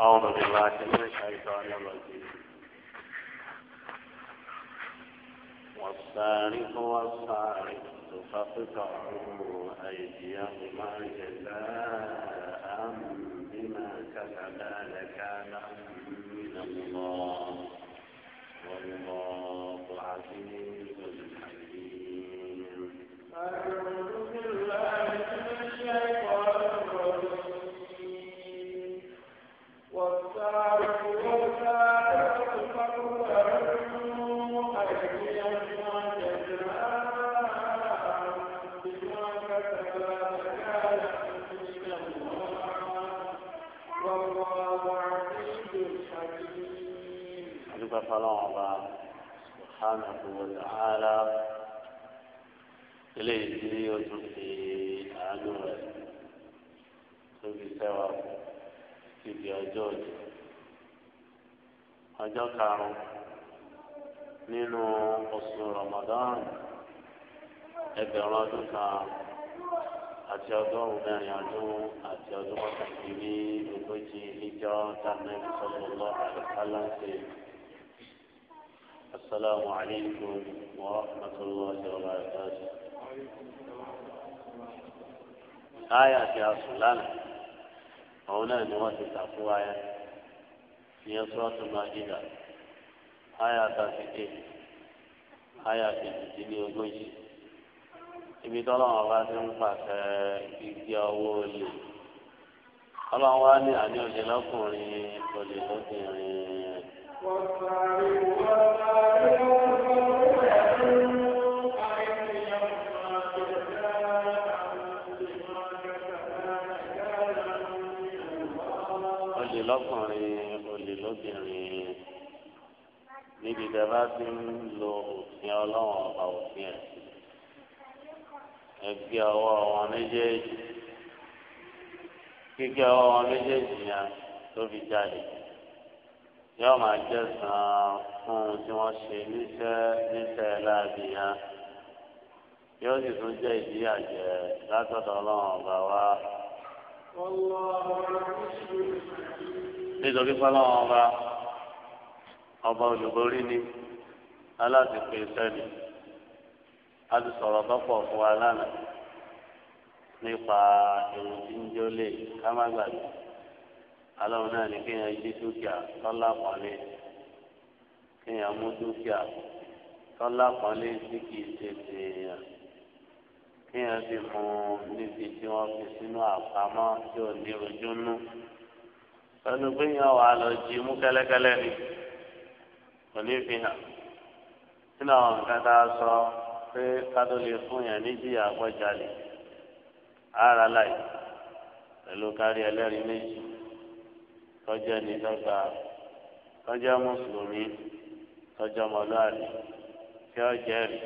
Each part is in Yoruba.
أعوذ بالله من الشيطان الرجيم والسارق والسارق فاقطعوا أيديهما جزاء بما كسبا لكان من الله والله عزيز حكيم fọlọ́n ọba subhanahu wa ta'ala ilé ìdílé yóò tún fi àánú rẹ̀ tóbi sẹ́wà síbi ọjọ́ òní ọjọ́ karùn-ún nínú oṣù Ramadan ẹgbẹ̀rún ọdún kan àti ọgọ́rùn-ún mẹ́rin ọdún àti ọdún mọ́kàndínlógójì níjọ́ tàbí sọ́dọ̀ lọ́wọ́ àlùkálá ń ṣe. السلام عليكم ورحمة الله وبركاته آية يا سلام هنا نواتي تقوى في سورة المائدة آية تاسكين آية تجيني وجوشي ibi tọ́lọ́ wọn bá ti ń pàṣẹ igi ọwọ́ olè ọlọ́run wá ní àní òjò lọ́kùnrin olè lóbìnrin. níbi tí a bá ti ń lo òfin ọlọ́run ọba òfin ẹ̀ ẹgbẹ́ ọwọ́ wọn méjèèjì kíkẹ́ ọwọ́ wọn méjèèjì yẹn tó fi jáde yóò máa jẹ́ sàn fún un tí wọ́n ṣe níṣẹ́ níṣẹ́ láàbì yẹn yóò sì tún jẹ́ ìdí àjẹ látọ̀dọ̀ ọlọ́run ọba wa. nítorí pé ọlọ́run ọba. ọba olùborí ni alásìkò ìsẹ́ni a ti sọ̀rọ̀ lọ́pọ̀ fún wa lánàá nípa èrò tí ń jólè ká má gbàgbé aláwọn náà ní kéèyàn jí dúkìá tọ́lá pọ̀nlé kéèyàn mú dúkìá tọ́lá pọ̀nlé kìí ṣe tèèyàn kéèyàn sì níbi tí wọ́n fi sínú àpamọ́ tí ò ní kò ní fi hàn nínú àwọn nǹkan tá a sọ pé kátó lè fún yàn níjìyà àgbọ̀jalè ara láì pẹ̀lú kárí ẹlẹ́rìí méjì tọ́jú ẹni dọ́gba tọ́jú mùsùlùmí tọ́jú ọmọlúwàbí tí ó jẹ́rìí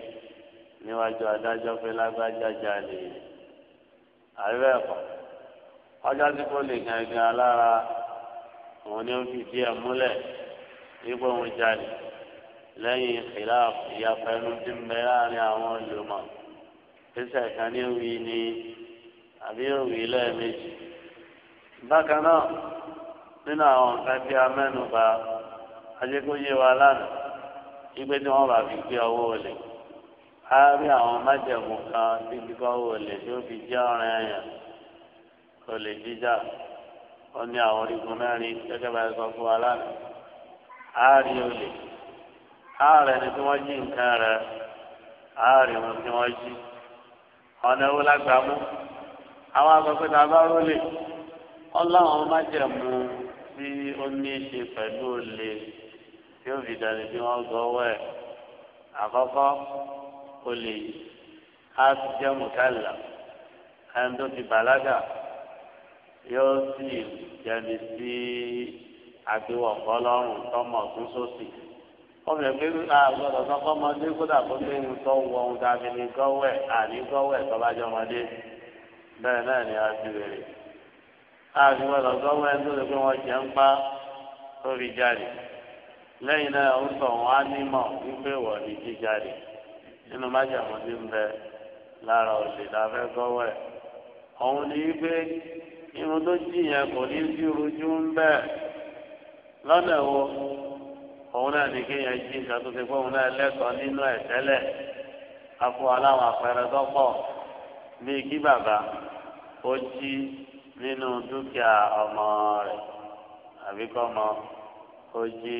níwájú adájọ́ pé lágbájá jalè àríwá ẹ̀kọ́ ọjọ́ tí kò lè gangan lára òun ni ó fi ipò òun jalè lẹ́yìn khilaf ìyàfẹ́nu ti ń bẹ láàrin àwọn olùmọ̀ pèsè kan ní òwì ni àbí òwì lẹ́ẹ̀mejì. bákan náà nínú àwọn nǹkan tí a mẹ́nu bà ajẹ́kóyè wa lánàá ipe tí wọ́n bá fi gbé ọwọ́ olè á rí àwọn májẹ̀mú kan tí gbígbọ́ ọwọ́ olè tí ó fi jẹ́ ọ̀rẹ́ ẹ̀yàn olè jíjà ó ní àwọn orígun mẹ́rin gẹ́gẹ́ bá a sọ fún wa lánàá àárí olè àárẹ̀ ni tí wọ́n jí nǹkan rẹ̀ àárí wọn tí wọ́n jí ọ̀nà ewu lágbàmú àwọn agbègbè náà bá rólè ọlọ́run má jẹ̀ mú tí ó ní í ṣe pẹ̀lú olè tí ó fi dàní bí wọ́n gbọ́wọ́ ẹ̀ àkọ́kọ́ olè á ti jẹ́ mùkálà ẹni tó ti bàlágà yóò sì jẹ́ni sí àti wọ̀kọ́ lọ́rùn tọmọ tún sósì ọmọ ẹgbẹ́ àgbọ̀dọ̀ sọ́kọ́ kódà kó lé ń tọ́ wọ ohun tàbí ní gọ́wẹ̀ àní gọ́wẹ̀ tọ́bajọ́ ọmọdé bẹ́ẹ̀ náà ni a ti rèrè àgbọ̀dọ̀ gọ́wẹ̀ tó lè pé wọ́n jẹ́ ń pa tóbi jáde lẹ́yìn náà ó sọ wọn á nímọ̀ wípé wọ́n ní jíjáde nínú májàmú ń bẹ lára òsè láfẹ́ gọ́wẹ̀ ọ̀hun ni wípé irun tó jì yẹn kò ní sí irun jú ń bẹ́ẹ̀ lọ́nà wo òun náà ní kéèyàn jí nǹkan tó ti pé òun náà lẹ́kọ̀ọ́ nínú ẹ̀ tẹ́lẹ̀ afọ aláwọn àpẹẹrẹ tó pọ̀ bíi kí bàbá ó jí nínú dúkìá ọmọ rẹ̀ àbí kọ́ ọmọ ó jí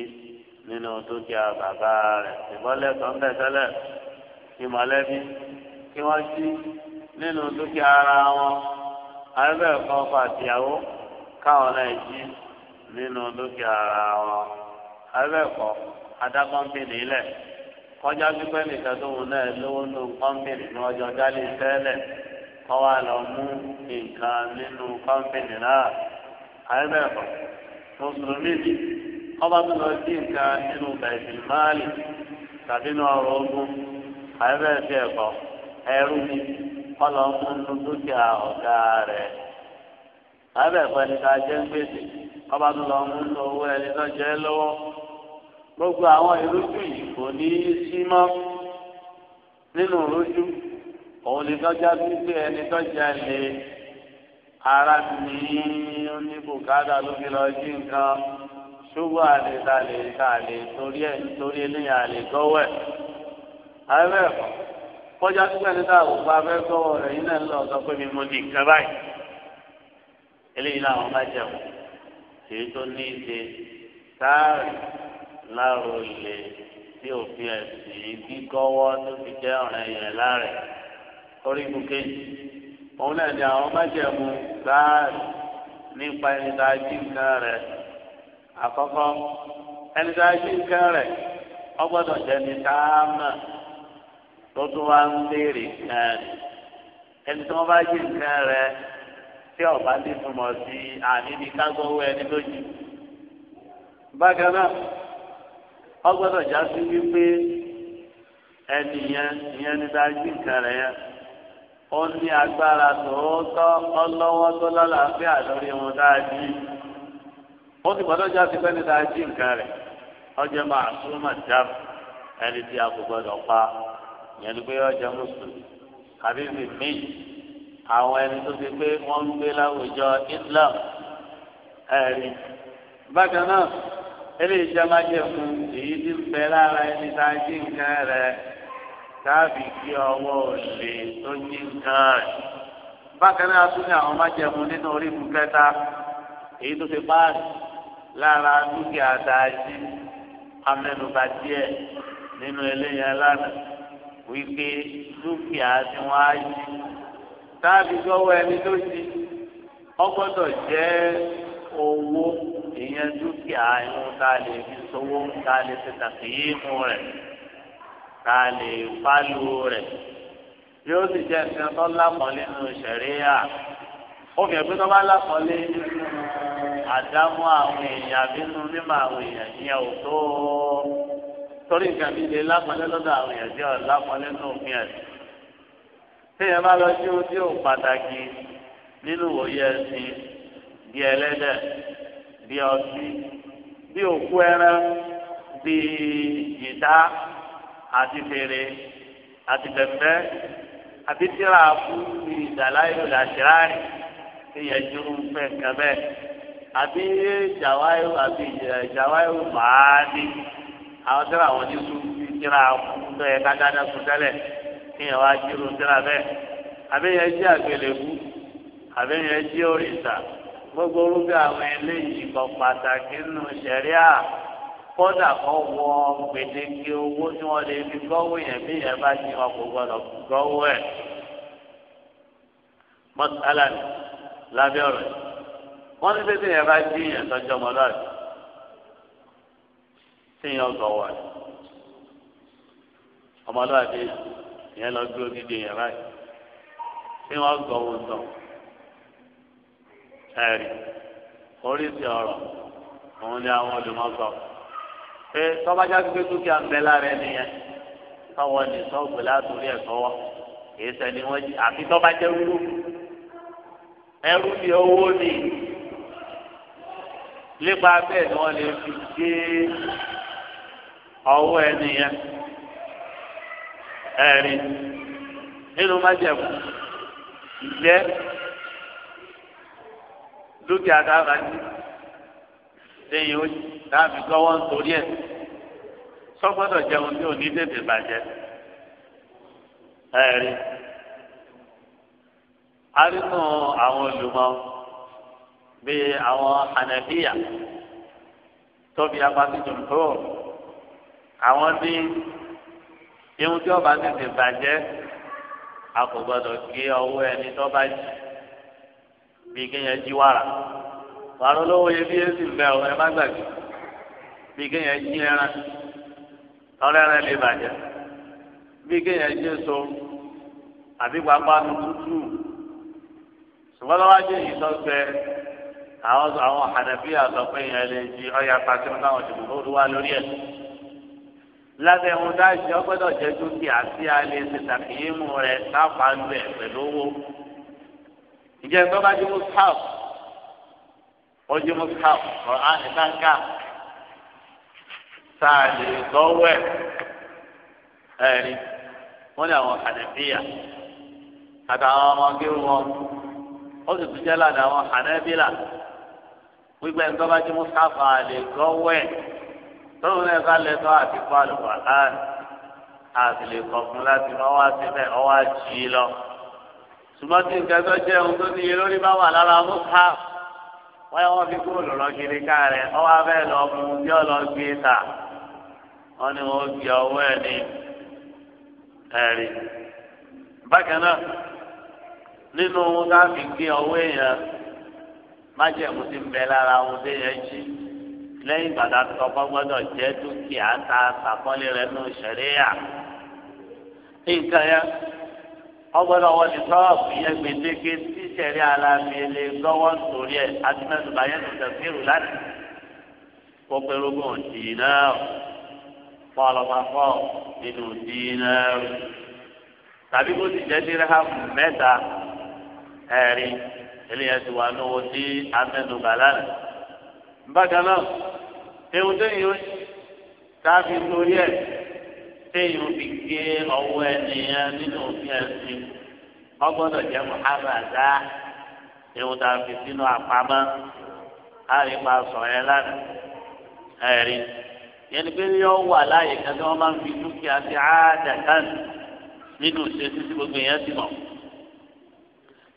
nínú dúkìá bàbá rẹ̀ ṣùgbọ́n lẹ́kọ̀ọ́ ń bẹ̀ tẹ́lẹ̀ kí mọ̀lẹ́bí kí wọ́n jí nínú dúkìá ara wọn àbẹ̀bẹ̀ fàtìyàwó káwọn náà jí. nínú dúkìá ara wọn abẹ́ẹ̀kọ́ adákọ́ńpìnì lẹ, kọjá pípẹ́ nìkan tó wọn náà lówó nù kọ́ńpìnì ní ọjọ́ dálé sẹ́lẹ̀ kọ́ wa lọ mú nǹkan nínú kọ́ńpìnì náà abẹ́ẹ̀kọ́ mùsùlùmí ni ọba tó lọ sí nǹkan nínú bẹ̀sìn máàlì tàbí nínú ogun abẹ́ẹ̀kọ́ ẹ̀kọ́ ẹrú ni kọ́lọ́ mú nínú dúkìá ọ̀gá rẹ̀ ẹni ká ń gbèsè. ọba tó lọ mú tó owó ẹni tó jẹ lọ́wọ́ gbogbo àwọn ìrújú yìí kò ní í sí mọ́ nínú ìrújú òun ni tọ́jà sí pé ẹni tọ́jà lè ara ní oníbùkádà ló fi lọ jí nǹkan ṣùgbọ́n àlèta lè ta lè torí ẹ̀ torí eléyà lè gọ́wẹ̀. àbẹ̀bẹ̀ kọjá sí pẹ̀lú tá àwòkọ́ abẹ́gọ́wọ̀ rẹ̀ yín náà lọ sọ pé mi mo ní nǹkan báyìí eléyìí làwọn bá jẹun èyí tó ní ìṣe sáárì láàrò ilé tí òfin ẹ̀sìn gígọ́wọ́ tó fi jẹ́ ọ̀rẹ́ yẹn láàrẹ̀ orígun kejì òun náà ni àwọn májẹ̀mú sáárì nípa ẹni tá a jí nǹkan rẹ̀ àkọ́kọ́ ẹni tá a jí nǹkan rẹ̀ wọ́n gbọ́dọ̀ jẹ́ tá a mọ̀ tó tún wá ń béèrè nǹkan ẹni tí wọ́n bá jí nǹkan rẹ̀. tí ọba ní túmọ̀ sí àníbi ẹni lójú. bákan náà ọgbọ́dọ̀ já sí wípé ẹni yẹn ìyẹn ní dájú nǹkan rẹ̀ yẹn ó ní agbára tòótọ́ ọlọ́wọ́ tó lálàáfíà lórí wọn dájú. ó sì gbọ́dọ̀ já sí pẹ́ni dájú nǹkan rẹ̀ ọjọ́ máa súnmọ́ ẹni tí a kò gbọ́dọ̀ pa ni pé àwọn ẹni tó ti pé wọ́n ń gbé láwùjọ Islam ẹ̀rí bákan náà eléyìí jẹ́ májẹ̀kún èyí ti ń bẹ lára ẹni tá a jí nǹkan rẹ̀ tàbí kí ọwọ́ òṣè tó jí nǹkan rẹ̀ bákan náà tún ní àwọn májẹ̀kún nínú orí kẹta èyí tó ti báàrì lára dúkìá tá a jí amẹnuba díẹ̀ nínú eléyìí alánà wípé dúkìá tí wọ́n á jí táàbí sọ́wọ́ ẹni tó ti ọgbọ́dọ̀ jẹ́ owó ìyẹn dúkìá ìhun tá a lè fi sọ́wọ́ tá a lè fi tàkìyí mu rẹ̀ tá a lè fálù rẹ̀ yóò sì jẹ́ nǹkan tó lápọ̀lé nínú ṣẹ̀ríyà ó fi ẹ̀gbẹ́ tó bá lápọ̀lé nínú àdámọ́ àwọn èèyàn àbí nínú mímọ́ àwọn èèyàn ìyẹn ò tó torí nǹkan bíi lè lápọ̀lé lọ́dọ̀ àwọn èèyàn jẹ́ ọ̀ lápọ̀lé nínú òfin ẹ̀sìn téèyàn bá lọ sí ojú òun pàtàkì nínú òye ẹsìn bí ẹlẹ́dẹ̀ bí ọtí bí òkú ẹran bí jìtá àti fèrè àti bẹ̀fẹ́ àti tíra fún bí ìdàláyò làṣírárì téèyàn ju fẹ́ kẹ́mẹ́ àbí jàwáyò àbí jàwáyò màá ní àwọn tíra wọn ní sùn tíra fún bẹ́ẹ̀ kájá náà sùn tẹ́lẹ̀ kéèyàn wá jírò síra bẹ́ẹ̀ àbẹ́yẹn jẹ́ àgbélébú àbẹ́yẹn jẹ́ òrìṣà gbogbo orúkọ àwọn eléyìí kan pàtàkì nínú sẹ̀ríà kódà kan wọ gbèdéke owó tí wọ́n lè fi gbọ́wọ́ yẹn bí yẹn bá ti wọn kò gbọdọ̀ gbọ́wọ́ ẹ̀. mọ́sálàmì lábẹ́ ọ̀rọ̀ wọ́n ní pé tí yẹn bá jí yẹn tọ́jú ọmọlúwàbí tí yẹn gbọ́wọ́ ẹ̀ ọmọlúwàbí yẹn ìyẹn lọ dúró dídé yẹn báyìí tí wọ́n gbọ́ wọn tán ẹ̀rí oríṣi ọ̀rọ̀ òun ni àwọn olùmọ̀sọ pé tọ́bajá gbé dúkìá ń bẹ lára ẹni yẹn tọwọ́ ní sọ́ọ̀bù látòrí ẹ̀ tọwọ́ kì í sẹ́ni wọ́n jí àfi tọ́bajá wúlò ẹrú ni owó ni nípa bẹ́ẹ̀ ni wọ́n lè fi dé ọwọ́ ẹni yẹn ẹ̀rin nínú májẹ̀mú ìjẹ́ dúkìá dábàá ní lẹ́yìn ó dábì gbọ́wọ́ nítorí ẹ̀ sọ́gbọ́dọ̀ jẹun tí ò ní tètè bàjẹ́ ẹ̀rin arínú àwọn olùmọ̀ bíi àwọn hànàfíà tóbi apá tuntun tó àwọn ní irun tí ọba tètè bàjẹ́ a gé ọwọ́ ẹni tó bá jì bí kéèyàn jí wàrà wàrà olówó yẹ bí èsì mbẹ ọ ẹ má gbàgbé bí kéèyàn jí ẹran tọrẹ ẹran lè bàjẹ́ bí kéèyàn jí èso àbí pápá tútù ṣùgbọ́n lọ́wọ́ ajé yìí tó gbẹ àwọn àwọn hànàfíà sọ pé lè jí ọyà pàṣẹ fún àwọn ìdìbò tó wà lórí ẹ̀ lábẹ́ ohun dájú ọgbọ́dọ̀ jẹ́ dúkìá sí alẹ́ ṣe tàkìyémù rẹ̀ lápàánú ẹ̀ pẹ̀lú owó. ìjẹ́ tó bá jẹ́ mustaf ó jẹ́ mustaf ọ̀rọ̀ àìsànká sáà lè gbọ́wọ́ ẹ̀ ẹ̀rí wọ́n ní àwọn hànẹ́bíyà àtàwọn ọmọge wọn ó sì tún jẹ́ ládàá àwọn hànẹ́bílà wípé ń bá jẹ́ mustaf àlè gbọ́wọ́ ẹ̀ tóun náà bá lẹ́tọ́ àti kọ́ àlùkùrán àti lè kọ̀ fún láti mọ́ wá síbẹ̀ ọ wá jì í lọ. ṣùgbọ́n tí nǹkan tó jẹ́ ohun tó níye lórí bá wà lára mọ́tà wọ́n yẹ wọ́n fi kúrò lọ́rọ́ kiri ká rẹ̀ ọ wá bẹ́ẹ̀ lọ mú bí ọ lọ gbé e ta wọ́n ní wọ́n fi ọwọ́ ẹ̀ ní ẹ̀rí. bákan náà nínú ohun tá a fi gbé ọwọ́ èèyàn májẹ̀mú ti ń bẹ lára ohun tó yẹ jí lẹ́yìn ìgbà tá a sọ pé gbọ́dọ̀ jẹ́ dúkìá tá a sàkọ́lé rẹ̀ nù ṣẹ̀ríyà nǹkan yẹn ọgbọ́dọ̀ wọ́n ti sọ́ọ̀bù yẹn gbèdéke tí ṣẹ̀rí alámiẹlẹ gbọ́wọ́ sórí ẹ̀ àti mẹ́tòbá yẹn tó tẹ̀síìrù láti kó pẹ́rúgùn dìínà fọlọ́mọfọ́ nínú dìínà tàbí kó ti jẹ́ dírẹ́hàmù mẹ́ta ẹ̀rin eléyàtí wà lówó sí amẹ́nubà lánàá bákan náà ewu téèyàn ó tàbí lórí ẹ téèyàn fi gé ọwọ́ ẹnìyàn nínú òfin ẹ̀sìn ọgbọ́dọ̀ jẹ muhammadu ewu tàbí sínú àpamọ́ àrí máa sọ ẹ lánàá ẹrí yẹn pé yọ wà láàyè kan tí wọn máa ń fi dúkìá sí àádàkán nínú ìṣesí tí gbogbo yẹn ti mọ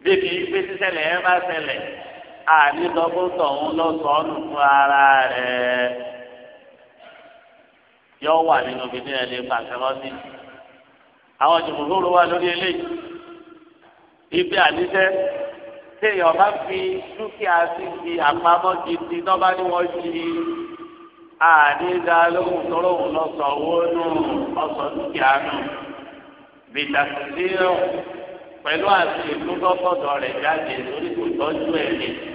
bí kì í pé sísẹlẹ ẹ bá ṣẹlẹ̀ ànídọ́gbọ́sọ̀ ń lọ sọ ọ́nù fún ara rẹ̀ yọ wà nínú ibi ní ẹni pàṣẹmọ́sí. àwọn jùmùsùlù wà lórí eléyìí ibi àníṣe téèyàn bá fi dúkìá sí ti àpamọ́ gidi tó bá ní wọ́n ṣe àníga lóhùn tọ́rọ̀ òun lọ sọ owó nù ọ̀sọ̀ dúkìá nù bìtàkùnrin pẹ̀lú àti ìlú lọ́sọ̀dọ̀ rẹ̀ jáde lórí kò tọ́jú ẹ̀ nìyí.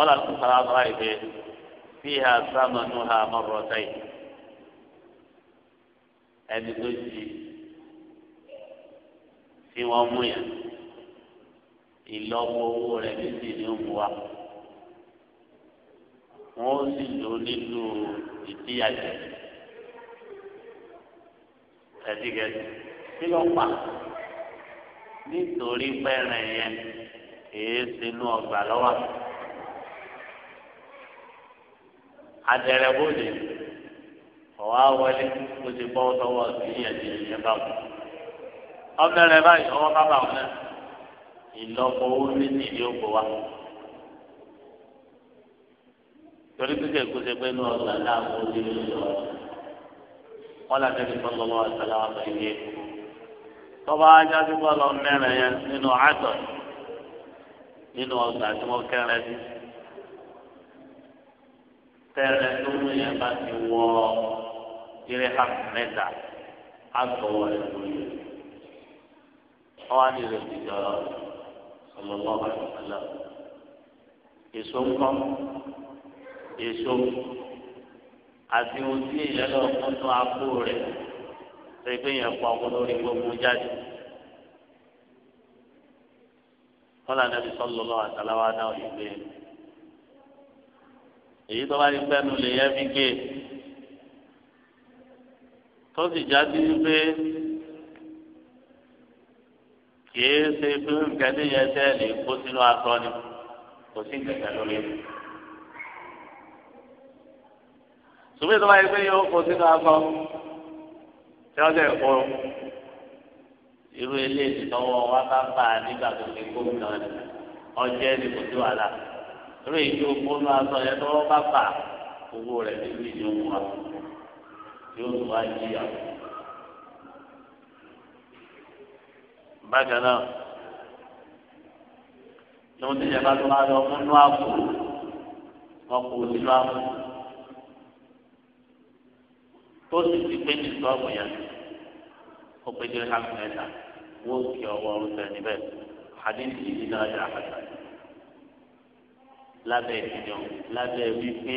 wọ́n lọ sí sara sara yìí pé fi hà sámánú hà mọ́rọ̀ sẹ́yìn ẹni tó jí tí wọ́n mú yàn ìlọ́po owó rẹ̀ méjì ni ó mú wa wọ́n ó sì lò nínú ìdíyàjẹ́ ẹ̀dígẹ́dì tí wọ́n pa nítorí pẹ́rẹ̀ yẹn èé sinú ọgbà lọ́wọ́. adẹrẹbóde ọwọ awọlé kó ti bọ́ tọwọ́ ìyẹn ti yẹn bá wù. ọmọ rẹ báyìí ọwọ́ bábà wọn náà ìlọ́pọ̀ owó méjì ni ó gbọ́ wa. torí kíkẹ́ kó ṣe pé ní ọgbà náà kó ti lè lọ. wọn làbẹ́ ní sọ́kọ́ wọn àtàlà wọn fẹ́ yé. tọ́ba ajá sí bọ́ọ̀lù mẹ́rin yẹn nínú àtọ̀ nínú ọgbà tí wọ́n kẹ́rẹ́ sí tẹ́lẹ̀ tó mú yẹn bá ti wọ eré hàmù mẹ́ta àgbọ̀wọ̀ ẹ̀kọ́ yẹn. ọwọ́ ní ìrẹ̀ ìjọ ọlọ́lọ́ àlọ́ èso ńkọ́ èso àti ohun tí èèyàn lọ fún tó apó rẹ̀ tó ẹgbẹ́ yẹn pọ̀ ọkọ lórí gbogbo jáde. kọ́lá nàbí sọ́lọ́lọ́ àtàláwá náà yìí gbé yẹn èyí tó bá ti gbẹnu lè yẹ fi gé tó sì jáde pé kìí ṣe pé gẹ́gẹ́ yẹn tẹ́ lè kó sínú aṣọ ni kò sí gẹ́gẹ́ lórí. ṣùgbọ́n tó bá yẹ pé yóò kó sínú aṣọ tí wọ́n tẹ̀ kó irú eléyìí tọwọ́ wá nígbà tó fi kó nǹkan ọjọ́ ẹni kò sí wàhálà lórí ìdí ogun ní aṣọ yẹn tó wọ́n bá bà owó rẹ̀ nínú ìdí ogun wa yóò tún wá yíyà. bákan náà tí wọ́n ti yẹ bá tó máa lọ fún inú àpò wọn kò sínú àpò tó sì ti pé ní sọ́ọ̀bù yẹn ó pé dé hàmì wọ́n kí ọwọ́ ọ̀rùn sẹ́ni bẹ́ẹ̀ hadith yìí náà yà á yìí lábẹ́ ìdìjọ́ lábẹ́ wípé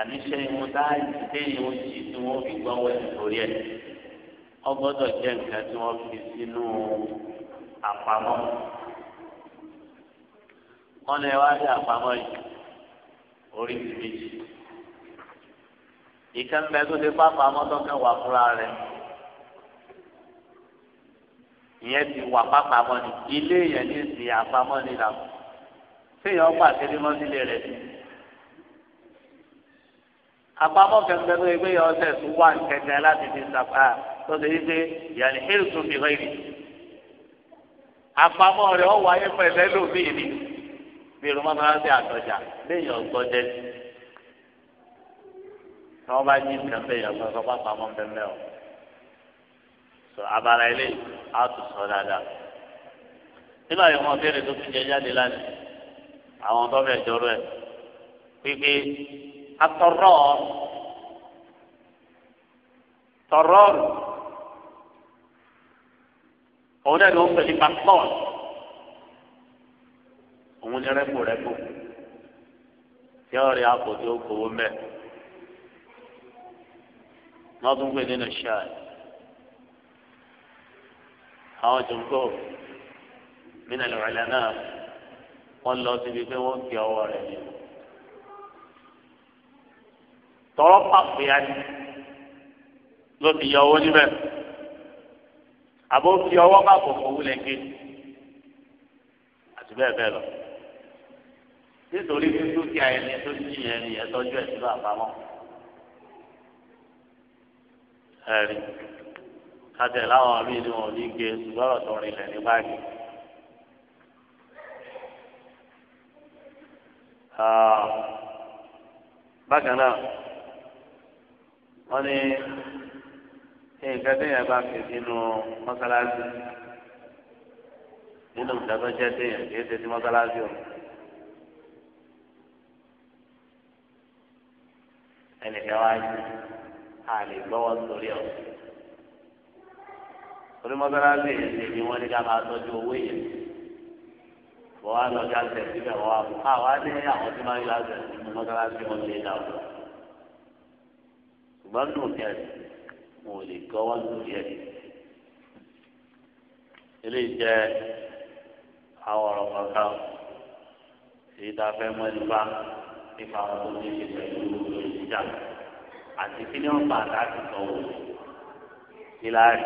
àníṣe ìwọ̀n dáàjì téèyàn ó jì tí wọ́n fi gbọ́ wẹ̀ lórí ẹ̀ ọ gbọ́dọ̀ jẹ́ nǹkan tí wọ́n fi sínú àpamọ́ wọ́n lè wá sí àpamọ́ yìí orí ti méjì ìkànnì tó ti pápá mọ́tọ́kẹ́ wà fúnra rẹ̀ ìyẹn ti wà pápá mọ́ni ilé yẹn ní ìsìn àpamọ́ ni làwọn téèyàn gbà kéde mọ́ sílé rẹ̀ sí. àpamọ́ kẹ̀kẹ́ ló gbé yọ ọsẹ̀ tó wà kẹ̀kẹ́ láti fi sàpá tó ṣe yí pé yàrá hẹ́rù tó fi hẹ́rì. àpamọ́ rẹ̀ ọ̀ wáyé pẹ̀lẹ́ lómi ni bí irun mọ́tò ṣe àtọ̀jà léèyàn gbọ́dẹ́ sí. tí wọ́n bá yí kẹ̀kẹ́ yẹn lọ sọ pápámọ́ bẹ́ẹ̀ o. sọ abala ilé àtúnṣọ dáadáa. nígbà yìí wọ́n béèrè tó fi jẹ jáde lánàá àwọn tó fẹ́ jọrọ ẹ pípé atọrọ tọrọ òun náà ló ń pè ní pastor òun ní rẹpò rẹpò tí ọ̀rẹ́ àpò tí ó kówó mẹ wọn tún pè nínú ṣáà àwọn jòǹkó mí nà lọ́rọ̀ ẹ̀ náà wọn lọ síbi pé wọn fi ọwọ́ rẹ̀ yìí tọrọ pàpéyà ni ló fi yọ owó níbẹ̀ àbó fi ọwọ́ pàpò fowó lẹgẹ àti bẹ́ẹ̀ bẹ́ẹ̀ lọ nítorí pé dúkìá ẹni tó jí yẹn ni ẹtọjú ẹ sílẹ̀ àpamọ́ ẹrí kájẹ láwọn àbí ni wọn ò ní gé ṣùgbọ́n ọ̀tọ̀ rìn lẹ́ni báyìí. Ah. bákan náà wọ́n ní nǹkan téèyàn bá fi sínú mọ́sálásí nínú ìdánilọ́jẹ́ téèyàn kì í ṣe sí mọ́sálásí o. ẹnìkan wá yí a lè gbọ́wọ́ sórí ọ̀ orí mọ́sálásí ni wọ́n ní ká máa tọ́jú owó yẹn. Ah, wọ́n á lọ sí àṣẹ síbẹ̀ wọ́n á mú àwọn ní àwọn tí máa ń yọ àṣẹ nínú mọ́tàlásí wọn lè dà wọ́n. ṣùgbọ́n nù ní ẹ̀sìn wọn ò lè gbọ́ wọn lórí ẹ̀. ilé jẹ́ àwọn ọ̀rọ̀ kankan èyí fẹ́ mọ́ nípa nípa àwọn tó ní ṣe pẹ̀lú ìjà àti kí ni wọ́n bá àtàkì sọ̀rọ̀ ìlàrí.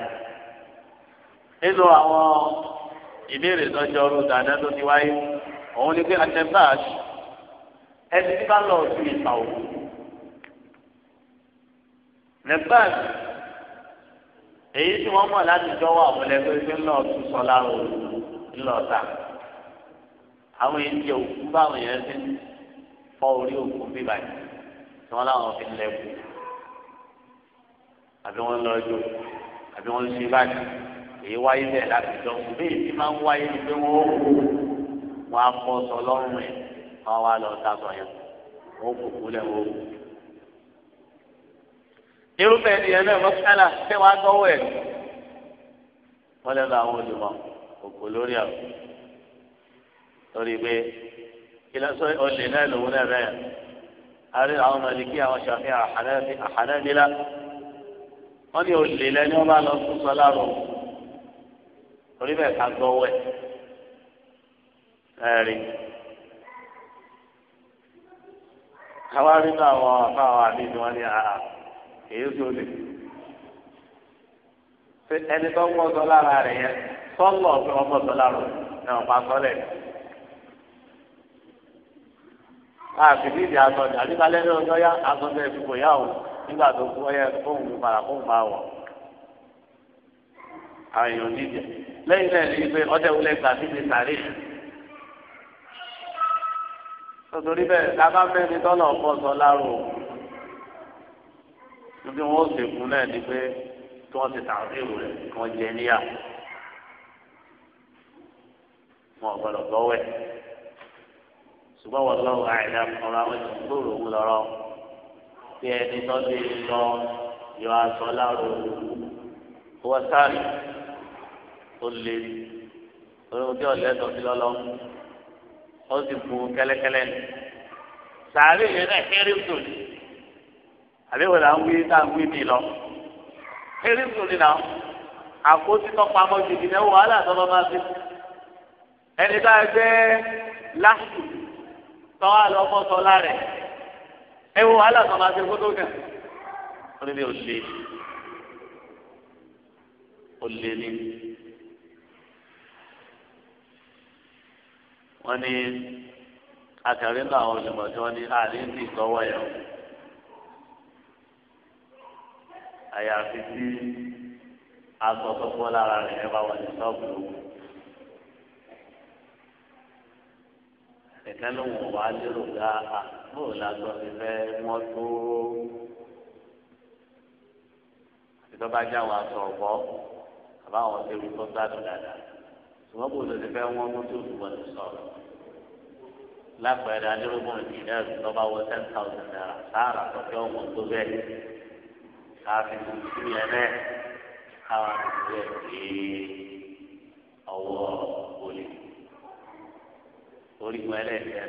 nínú àwọn ìbéèrè lọ́jọ́ ọrú dáadáa tó ti wáyé òun ni pé àtẹ̀báàṣ ẹni tí bá lọ sí ìta òkú nẹ̀báàṣ èyí tí wọ́n mọ̀ láti jọwọ́ àwọn ẹgbẹ́ pé ńlọ tún sọ lára òkú ńlọ ta àwọn èyí ti òkú báwọn yẹn ti fọ orí òkú bíbá yìí tí wọ́n láwọn fi lẹ́kù àbí wọ́n lọ jó àbí wọ́n ṣe báyìí èyí wáyé bẹ́ẹ̀ láti jọ bẹ́ẹ̀ tí máa ń wáyé ni pé wọ́n kú wọn á kọ́ sọ lọ́rùn ẹ̀ wọn wá lọ sábà yẹn wọn kò kú lẹ̀ wọ́n kú. irúfẹ́ ènìyàn náà mọ́sálà ṣé wàá gbọ́wọ́ ẹ̀ wọ́n lẹ́nu àwọn olùmọ̀ òkú lórí àwọn lórí pé ìlọsọ olè náà lòun náà bẹ́ẹ̀ àrí àwọn màlìkí àwọn ṣàfihàn àhànábílà wọ́n ní olè lẹ́ni wọ́n bá lọ fún torí bẹ́ẹ̀ ká gbọ́ wẹ̀ ẹ̀rí. àwa rí bá àwọn àfáwọn àbí ni wọ́n ní àhà èyí tó lè. ẹni tó ń gbọ́dọ̀ lára rẹ̀ yẹn sọ́lọ̀ ọ̀gbìn wọn gbọ́dọ̀ lára rẹ̀ náà pa sọ́lẹ̀. àfi nídìí asọ̀dì àdìbálẹ́ ní ọjọ́ yá asọ̀dì ẹ̀fíkò yá o nígbà tó kú ọyẹ fóun mi padà fóun máa wọ̀. àwọn èèyàn nídìí lẹ́yìn náà lè pe ọdẹ wulẹ̀ gbà síbi sàrí. nítorí bẹ́ẹ̀ ká bá mẹ́rin tọ́lọ̀ ọ̀pọ̀ sọ lárò níbi wọn ó sèkú náà ni pé tí wọ́n ti tààrí ìwò rẹ̀ kí wọ́n jẹ níyà wọn ò gbọdọ̀ gbọ́wẹ́ ṣùgbọ́n wọn lọ́wọ́ àìdá ọ̀rọ̀ àwọn ti gbòòrò òun lọ́rọ́ bí ẹni tó ti lọ yọ aṣọ lárò wọ́n sáré tó le olóhùn tí ọ̀lẹ́ tó fi lọ́lọ́ ó sì bu kẹ́lẹ́kẹ́lẹ́ ni sàárè yẹn náà kéré tó ni àbí wọ́n là ń wí tá ń wí mi lọ kéré tó ni náà àkóso tó pamọ́ jìbì náà wàhálà tó lọ́ máa fi ẹni tá a gbé láṣù tọ́ àlọ́ fọ́tọ́ lára ẹ̀ ẹ wo wàhálà tó máa fi kótó kàn ó ní bí o lè o lè ní. wọ́n ní akẹ́rẹ́ nínú àwọn olùmọ̀ tí wọ́n ní àárín ah, ní ìtọ́wọ́ yẹn o àyàfi tí aṣọ tó bọ́ lára rẹ̀ ẹ bá wà ní sọ́ọ̀bù ẹ̀kẹ́ ló wọ̀ wá lérò gá àbúrò lásán ti fẹ́ wọ́n tó ìtọ́ba jẹ́ aṣọ ọ̀bọ àbáwọn tẹ́lu tó gbádùn dáadáa ṣùgbọ́n kò lè fẹ́ wọ́n mú tó tù wọ́n ti sọ̀rọ̀ lápẹẹrẹ adérògbòn ìdílẹ́rù lọ́ba wọ ten thousand naira sáárà tọ́jú ọmọ tó bẹ́ẹ̀ káfí sí yẹn náà káwá ti rẹ̀ pé ọwọ́ olè orí wọn ẹlẹ́ẹ̀kẹ́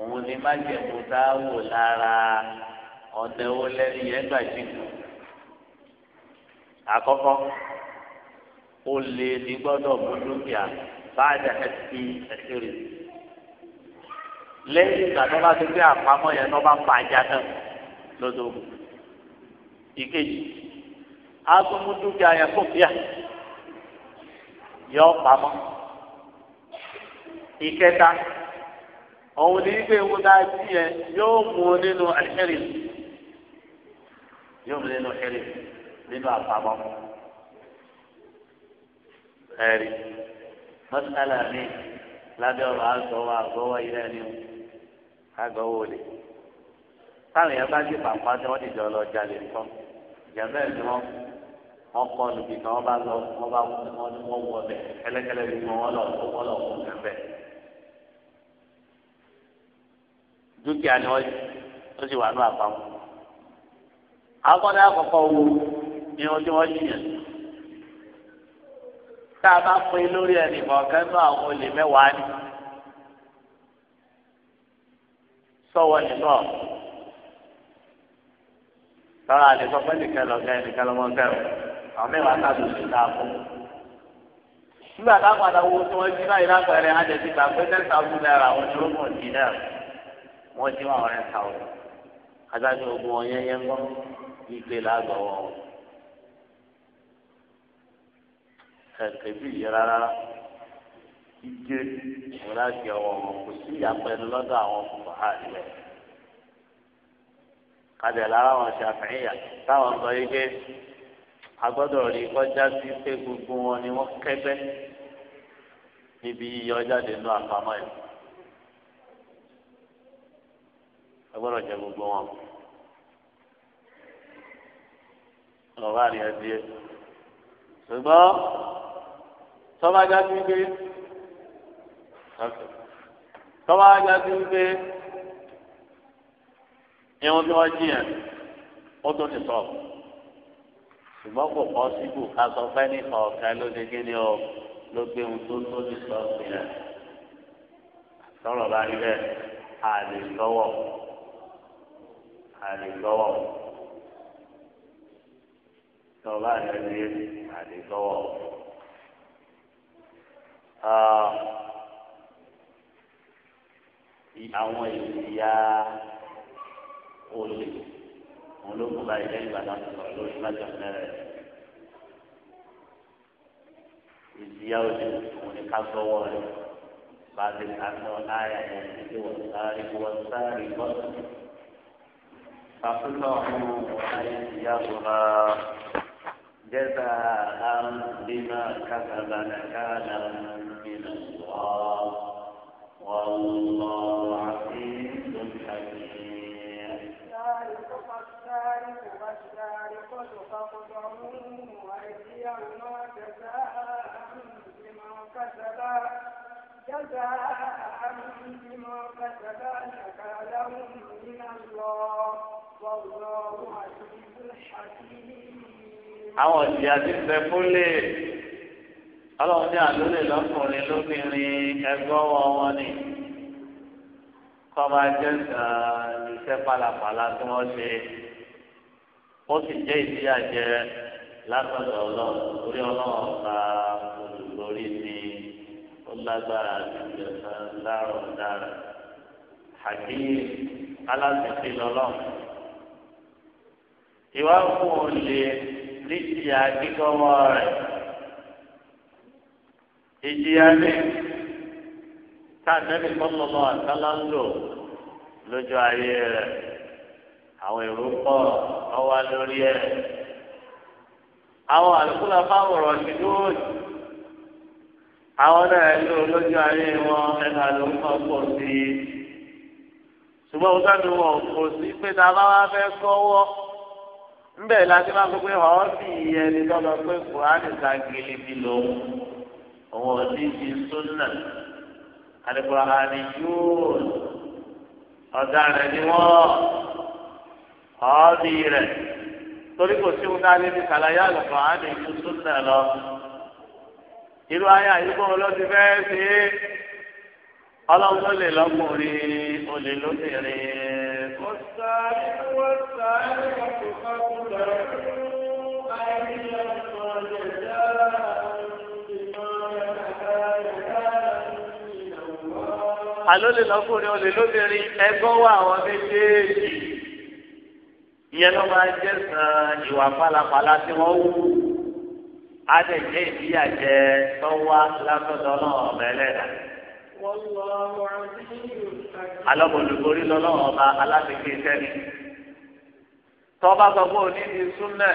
òun ni má jẹ̀mú tá a wò lára ọ̀nà owó lẹ́nu jìnnà àkọ́kọ́ ó lè ní gbọ́dọ̀ mú dúkìá báyìí ẹtì ẹtìrì lẹ́yìn ìgbà tó bá ti gbé àpamọ́ yẹn tó bá ń pa ajá náà lọ́dọ̀ ìkejì á tún mú dúkìá yẹn fún fíà yọ pamọ́ ìkẹta òun ní pé ewu náà ti yẹ yóò mú nínú ẹtìrì yóò mú nínú ẹtìrì nínú àpamọ́ ẹ̀rí mọ́sálà mi lábẹ́ ọ̀rọ̀ àgọ́wọ́ àgọ́wọ́ ilé ẹni o àgọ́wọ́ olè táwọn yẹn bá dé pàpà tí wọ́n ti jọ lọ jalè nǹkan ìjàmbá ẹ̀ ni wọ́n wọ́n kọ́ lùbí kan wọ́n bá lọ wọ́n bá wọ́n wọ bẹ̀ kẹ́lẹ́kẹ́lẹ́ bí wọ́n lọ wọ́n lọ fún kẹ́fẹ́. dúkìá ni wọ́n ó sì wà ní àpamọ́. akọ́dá àkọ́kọ́ wo ni wọ́n ti wọ́n yìnyẹn tá a bá pín lórí ẹnì kọ̀ọ̀kan náà àwọn olè mẹ́wàá ni sọ̀wọ́ nìkan tọ́ra àlè sọ pé nìkan lọ́gẹ́ nìkan lọ́mọ bẹ́ẹ̀ o àwọn mẹ́wàá ká ló sì dáa fún nígbà tá a padà wo tí wọ́n jí báyìí lápẹẹrẹ ajẹ́ gbà pé ten thousand naira àwọn onírógùn dì náà wọ́n jí wọn ọ̀rẹ́ ta o adájọ́ ogun ọ̀yẹ́yẹ́ ń gbọ́ ìgbé làgbọ̀ wọn kẹ̀kẹ́ bí ìyẹra rárá ike ìwúlá jẹ ọwọ́ wọn kò sí ìyàpẹnu lọ́dọ̀ àwọn fòfòhà rẹ̀ kàdé lára wọn ṣàfihàn táwọn sọ yìí pé agbọ́dọ̀ rí kọjá sí pé gbogbo wọn ni wọ́n kẹ́gbẹ́ níbi yíyọ jáde nínú àpamọ́ yìí agbọ́dọ̀ jẹ gbogbo wọn ọ̀rọ̀ àríyànjiyẹ ṣùgbọ́n tọ́ba já sí pé tọ́ba já sí pé irun tí wọ́n jí yẹn ó tó ti sọ̀rọ̀ ṣùgbọ́n kò kọ́ síbù ká sọ pé nípa ọ̀kan ló ṣe kí ni ọ ló gbé ohun tó tó ti sọ̀rọ̀ yẹn sọ̀rọ̀ bá rí bẹ́ẹ̀ àlè lọ́wọ́ àlè lọ́wọ́ sọ̀rọ̀ bá rí bẹ́ẹ̀ àlè Ah, àwọn ìyá olè wọn ló kó báyìí lẹ́yìn ìgbà náà sọ̀rọ̀ lórí májọ mẹ́rẹ̀ ìyá olè òun ni ká gbọ́wọ́ rẹ̀ bá a ti ká sọ láyà yẹn títí wọ́n sáré wọ́n sáré bọ́sùn. فاقطعوا أيديهما جزاء بما كسب نكالا والله عزيز حكيم الثالث والثالثة فاقطعوه وأيديهما جزاء بما كسبا جزاء بما كسبا نكالا من الله والله عزيز حكيم. àwọn ìyá ti fẹ́ fún lè ọlọ́run ní àlólè lọ́kùnrin lóbìnrin ẹgbọ́ wọn wọn ni kọ́ba jẹ́ iṣẹ́ pàlàpàlà tí wọ́n ṣe ó sì jẹ́ ìdíyàjẹ látọ̀dọ̀ ọlọ́run torí ọlọ́run ọ̀gá olùlórí ni ó lágbára àti ìjọba láàrọ̀ dára àbí aláṣẹṣe lọ́lọ́run. ìwà fún olè ní ti àdígọ́wọ́ rẹ̀ ìjìyà ní káàdẹ́bí pọ́nlọ́lọ́ àtàlà ń lò lójú ayé rẹ̀ àwọn èrò pọ̀ ọwá lórí ẹ̀ àwọn àlùkùlà fáwọn ọ̀rọ̀ ti dúró àwọn náà ń lò lójú ayé wọn ẹnu àlùkùlà pọ̀ sí i ṣùgbọ́n ó sáré wọn kò sí pé tá a bá wá fẹ́ kọ́wọ́ ńbẹ̀ láti máa gbé pé ọ̀ọ́ sì yẹ ẹni tó pé kùránì ká gèlè lòun. òun ò ní fi súnà àdìpọ̀ àní ọ̀dà rẹ̀ ni wọ́n rẹ̀ torí kò sí kàlàyé àlùkò lọ. irú ayé àyíkọ́ ọlọ́dún fẹ́ẹ́ àlólè lọ́kùnrin olè lóbìnrin ẹgbọ́n wà àwọn méjèèjì ìyẹn ló máa jẹ́ sàn ìwà pálapàla tí wọ́n wù adẹ̀jẹ́ ìdíyàjẹ́ tó wá látọ̀dọ̀ náà ọ̀bẹ̀lẹ̀dà. alọ́bọ̀lùborí lọ́lọ́wọ́ ọba alábìgbé sẹ́ni tọ́ba sọ onídìí súnmẹ̀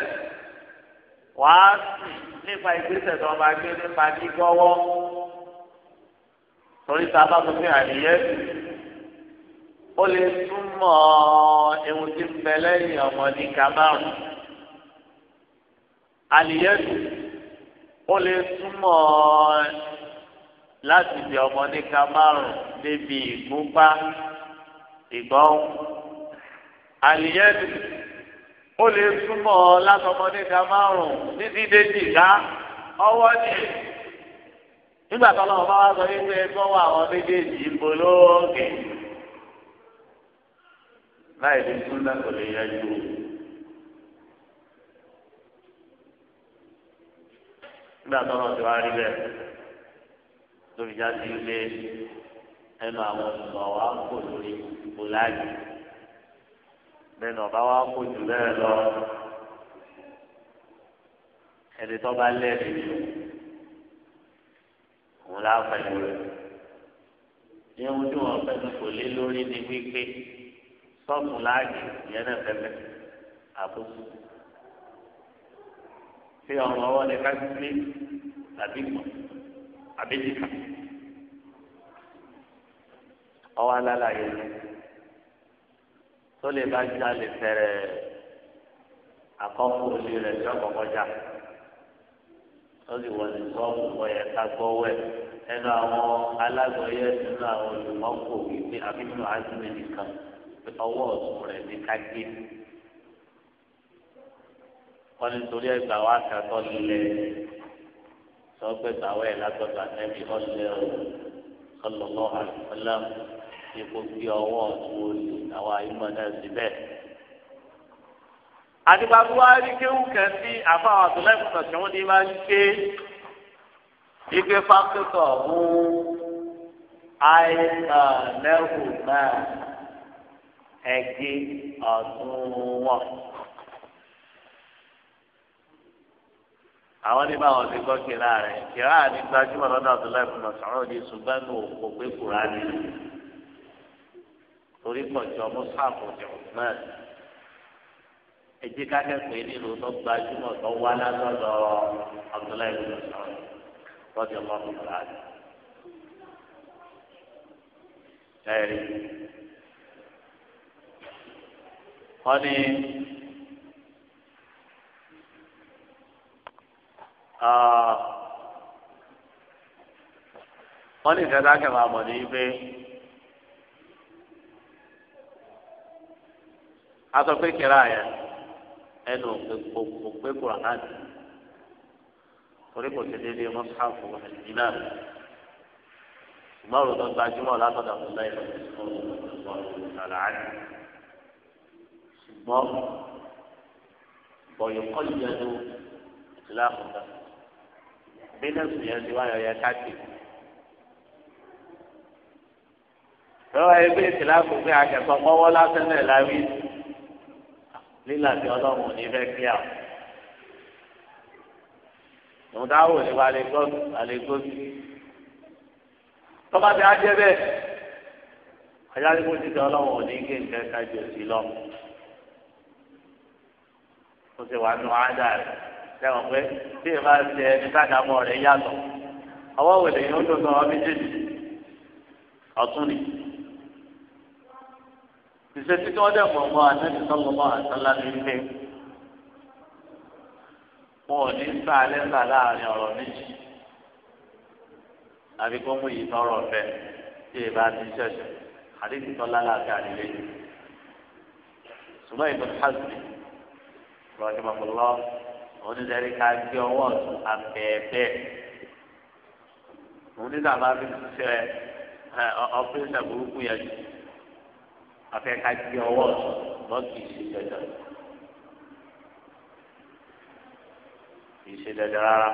wàá sì nípa ìgbésẹ̀ tó gbé nípa gbígbọ́wọ́ torí tá a bá sọ pé àníyẹ ó lè túmọ̀ ewu tí ń bẹ lẹ́yìn ọmọ ní kamárùn àníyẹ ó lè túmọ̀ láti di ọmọ ní kamárùn débi ìgúnpá ìgbọ́n àníyẹ ó lè túmọ̀ látọmọ ní kamárùn títí dé jìgá ọwọ́ ní nígbà tó lọ́wọ́ bá wá sọ wípé ẹgbọ́n wà àwọn méjèèjì ìpolóògè láì lè tún náà kò lè yẹjú. nígbà tó lọ́wọ́ ti wá rí bẹ́ẹ̀ tó já sí ilé ẹnu àwọn ọ̀sùnmọ̀ wa kò lórí ipò láàyè ọba wa kò jù bẹ́ẹ̀ lọ ẹni tó bá lẹ́ẹ̀dì jù òun la pẹ̀lú rẹ̀ ìyẹn tí wọ́n fẹ́ kò lé lórí ni wípé sọ́ọ̀mù láàyè ìyẹn náà fẹ́fẹ́ àbúkù tí ọmọ ọwọ́ ni ká sílé tàbí mọ̀ àbí jìkà ọwọ́ alálàyé ni tó lè bá jalè fẹ́rẹ̀ àkọ́kọ́ olè rẹ̀ tí ọkọ̀ kọjá lọ́sì wọ́n ti sọ ọ̀pọ̀ yẹn ká gbọ́ wẹ̀ ẹnu àwọn alágbọ̀yẹ nínú àwọn olùmọ́kò wípé abínú azumi nìkan ọwọ́ ọ̀tún rẹ̀ ní kájí. wọ́n ní torí ẹgbà wa kàtọ́ lílẹ̀ sọ pé gbàwọ́ ẹ̀ lágbọ̀dọ̀ àtẹ́bí ọ̀lẹ́ o sọlọ́lọ́ àlùfẹ́lẹ́ bí ọwọ́ ọ̀tún olè àwọn àyùmọ̀ náà síbẹ̀ àdìgbàgbọ́ wa rí kéwù kan sí àfàwọn àtúnlẹ̀ ìfọ̀sọ̀ tí wọ́n ti máa ń ké ike fákítọ̀ mú àìsàn lẹ́hùn náà ẹ̀gí ọ̀tún wọn. àwọn ní báwọn ti gbọ́ kíra rẹ̀ kíra ní gbajúmọ̀ lọ́dọ̀ àtúnlẹ̀ ìfọ̀sọ̀ sọ̀rọ̀ ní ṣùgbọ́n ní òkú pé torí pọ̀ jọ mọ́sáàfù jọ̀ọ́ náà ẹjẹ kákẹ́kọ̀ọ́ nínú tó gbajúmọ̀ tó wá látọ̀dọ̀ abdullahi bin sọ̀rọ̀ lọ́dí ọlọ́run fúlàní. ẹ̀rí wọ́n ní ah. wọ́n ní ìfẹ́ dákẹ́ máa mọ̀ ní pé a sọ pé kíra yẹn ẹnu òpè Qur'an torí kò sí dédé mọ́sáàfù ìdílà ṣùgbọ́n òrùn tó gbajúmọ̀ látọ̀dọ̀ àbúlá ìlú ṣàlàyé ṣùgbọ́n bọ̀yọ̀ kọ́ ìyẹnu ìdílà àbúlá bílẹ̀sì yẹn ti wáyọ̀ yẹ káàkiri. lọ́wọ́ ẹgbẹ́ ìtìlá kò gbé mọ́wọ́ lásán náà láwí nígbà tí ọlọ́run ò ní fẹ́ kí à. ìwọ̀n táwọn ò ní wá àlégọ́sì. tọ́ba ti á jẹ́ bẹ́ẹ̀ ajáde kó ti tẹ ọlọ́run ò ní gé nǹkan kájú òsì lọ. ó ti wà nù ádá rẹ̀ sẹ́wọ̀n pé bí ìbá ṣe ẹni kájàmọ́ rẹ̀ yàtọ̀ ọwọ́ wèlé yóò tó sọ ọ méjèèjì ọ̀tún ni ìṣe títí wọ́n dẹ̀ mọ̀ mọ́ àtẹ́tí sọ́lọ́mọ́ àtọ́lá nílé wọn ò ní sá lẹ́sà láàrin ọ̀rọ̀ méjì àbí kó mú yìí tọrọ bẹ́ẹ̀ tí ìbá ti ṣẹ̀ṣẹ̀ àdéhùn tọ́lá láti àdílé yìí ṣùgbọ́n ìbọn hàzùmí rọ̀ṣẹ̀ mọ̀mọ́lọ́ onídẹ̀ẹ́rì ká gbé ọwọ́ ọ̀tún abẹ́ẹ̀bẹ́ òun fi ṣe ọpẹ́sẹ̀ burúkú yẹn afẹ́ ká di ọwọ́ ṣùgbọ́n kì í ṣe dandan kì í ṣe dandan rárá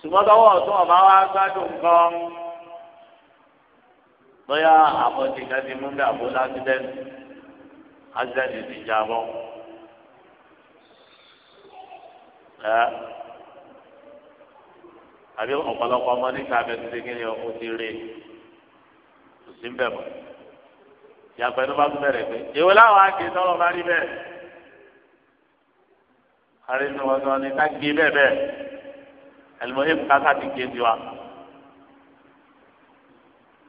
ṣùgbọ́n tọwọ́ ọ̀tún ọ̀bá wa gbádùn nǹkan bóyá àbọ̀tì kan ti mú bí àbó lásìdẹ́ntì ásìdẹ́ntì ti jà bọ́ ẹ àbí ọ̀pọ̀lọpọ̀ ọmọ níta abẹ́tí kí ni o ti rí kò sí ń bẹ̀ mọ́ yàtọ̀ ẹni bá tún bẹ̀rẹ̀ pé èwe láwọn àgbè tọrọ bá rí bẹ́ẹ̀ àrí ni wọn sọ ni ká gbé bẹ́ẹ̀ bẹ́ẹ̀ ẹlòmọ́yé bùkátà ti gbé tiwa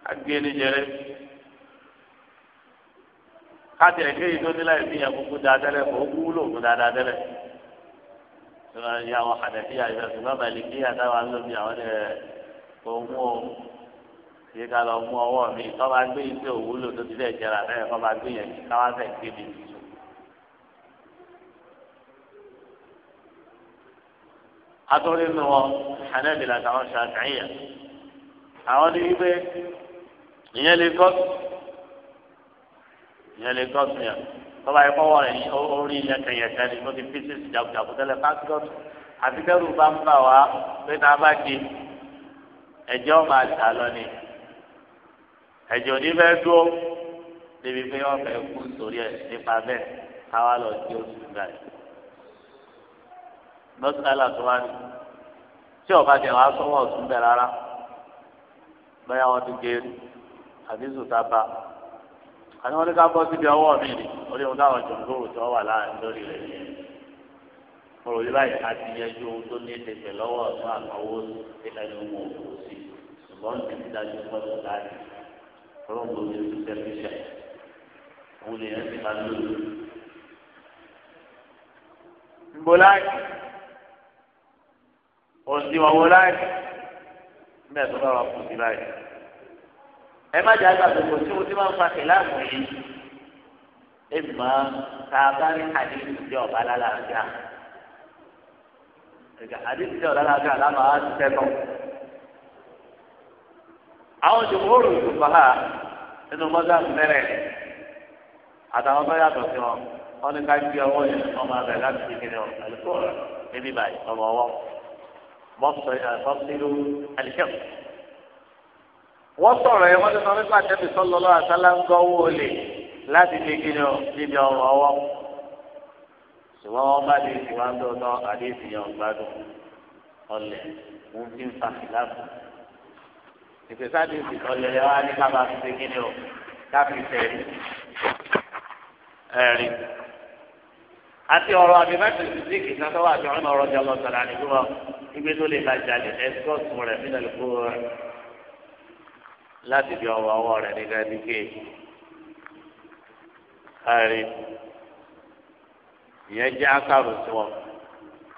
ká gbé ní jẹrẹ káàtì ẹ̀kẹ́ yìí tó ní láì fi yàn kúkú dáa tẹ́lẹ̀ kó kú wúlò kú dáadáa tẹ́lẹ̀ ìyá àwọn àdàtì àyẹ̀wò ìgbà bàlẹ̀ kí àtàwọn àlọ́ bí àwọn ẹ̀ òun ò yìí ká lọ mú ọwọ́ mi kọ́ máa gbé ife òwúlò tó ti dẹ̀ jẹrà bẹ́ẹ̀ kọ́ máa gbé yẹn kí káwá fẹ̀ gbé mi tutù. atọ́rí nu wọn hanẹ́bí la táwọn ṣe àtàyè àwọn ní wípé ìyẹn lè kọ́ ìyẹn lè kọ́ sùn yẹn tọ́ba yẹn kọ́wọ́ rẹ̀ yìí orí yẹn kẹ̀yẹ̀kẹ́ ni mo ti fi sí ìjàkùjàkù tẹ́lẹ̀ pásítọ̀tù àti kẹ́rù bá ń bà wá pé tá a bá di ẹjọ́ máa dà lọ ni ẹ̀jẹ̀ òní fẹ́ dúró níbi pé wọ́n fẹ́ kú sórí ẹ̀ nípa bẹ́ẹ̀ káwá lọ sí oṣù gbà yìí. mọ́sálà tó wá ní tí ọba jẹ̀ wá sọ́wọ́ ọ̀sùn bẹ̀ rárá bẹ́ẹ̀ wọ́n ti gé e, àbí sùtà bá àti wọn ní ká bọ́ síbi ọwọ́ mi ni orí ohun táwọn jòǹdòrò tí wọ́n wà láàrin lórí rẹ̀ ni ọ̀rọ̀ yìí báyìí a ti yẹjú ohun tó ní ìtẹ̀tẹ̀ lọ́wọ́ ọ̀sán àgbáwó ẹ̀ka ni wọn ò sí ṣùgbọ́n ti ti dájú pọ́ńtò láàrin tọ́lọ́ tó ní oṣù tẹ́lifíṣẹ̀ òun lè yẹn ti máa lò ó. Nbọ láàkì, òsì ọ̀wọ́ láàkì, mbẹ́ tó bá wà kù sí láàkì. Ẹ má jẹ́ àgbà gbogbo tí mo ti máa ń fa kẹ̀lá àmọ́ yìí. Ẹ mọ̀ ká bá ní àdéhùn ìdí ọ̀bá lálàáfíà. Àdéhùn ìdí ọ̀bá lálàáfíà lámàá ti tẹ́ náà àwọn jòkóòrò ìgbòfàlà nínú mọ́tà mẹ́rẹ̀ àtàwọn tó yàtọ̀ sí wọn wọn ní ká gbé ọwọ́ yẹn ọmọ abẹ láti fi kiri ọ àlùkò níbí báyìí ọmọ ọwọ́ mọ́tò àlùkò wọ́n sọ̀rọ̀ yẹn wọ́n ti sọ nípa tẹ́bi sọ́lọ́ lọ́wọ́ àtàlà ń gọ́ owó olè láti fi kiri ọ níbi ọrọ̀ ọwọ́ ṣùgbọ́n wọ́n bá di ìsìn wa ń dọ́tọ́ àdéhùn yẹn ọ̀gbádùn ọlẹ̀ ń fi ń fa ìfẹsàdé ti tọ́lẹ̀ ẹ wá ní kábà fi ṣe kí ni o káfí tẹ̀lé ẹ̀rí. àti ọ̀rọ̀ àbíbáṣe ti sí kìkan tó wà tí wọ́n ọ̀rọ̀ jẹ́ lọ sọ̀rọ̀ àdìgbò wọn igbe tó lè ba jalè ẹ̀sìkọ́sù rẹ̀ nínú ìlú rẹ̀ láti fi ọwọ́ ọwọ́ rẹ̀ nígbà dígé ẹ̀rí. ìyẹn jẹ́ ákàrò sí wọn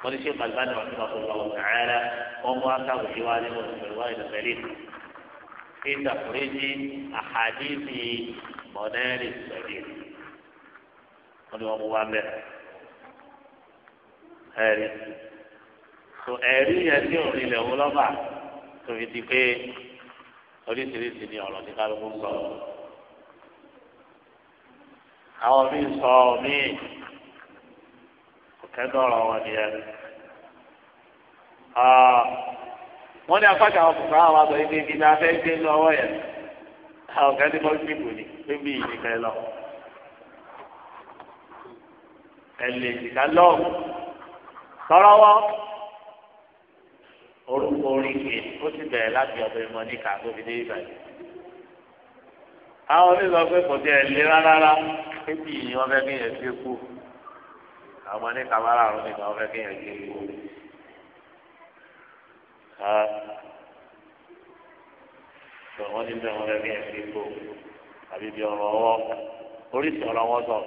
wọ́n ní sèkàlùbáni wọn ti wà fún ọlọ́wọ́ sàárẹ̀ wọ́n mú ákàrò yìí wá nínú ìgbẹ̀rù wáyé fi dàkúrẹ́jì àhàdìsì mọ̀nẹ́rì sọ̀rọ̀ wọ́n ní wọ́n mú wá mẹ́rin ẹ̀rí tó ẹ̀rí yẹn ní òrin ilẹ̀ wọn lọ́ba tó fi di pé oríṣiríṣi ni ọ̀rọ̀ ní kálukú sọ àwọn míì sọ míì kò kẹ́dọ̀ọ̀rọ̀ wọn ni ẹ wọ́n ní afáàkà àwọn kòkòrò àwọn àgbà yìí níbi náà fẹ́ẹ́ gbé ní ọwọ́ yẹn àwọn kan ní bọ́ọ̀lù ìbò ni níbi ìdìkà ẹ lọ. ẹ̀lẹ́ ìdìkà lọ́ọ̀ tọ́rọ́wọ́ orúkọ oríkè ó sì bẹ̀rẹ̀ láti ọ̀dọ̀ ìmọ̀ ní kàkó fi dé ìbàdàn. àwọn onílọ pé kò tẹ ẹ̀lẹ́ rárá rárá níbi ìyìn wọn fẹ́ kéèyàn gbé kú àwọn oníkàwárà ọ̀run nìkan wọn fẹ́ kéèyàn gbé kú ha tọ̀wọ́n ní bẹ́ẹ̀ wọn lẹ́bi ẹ̀fí kó àbí bí ọ̀rọ̀ ọwọ́ oríṣi ọ̀rọ̀ wọn sọ.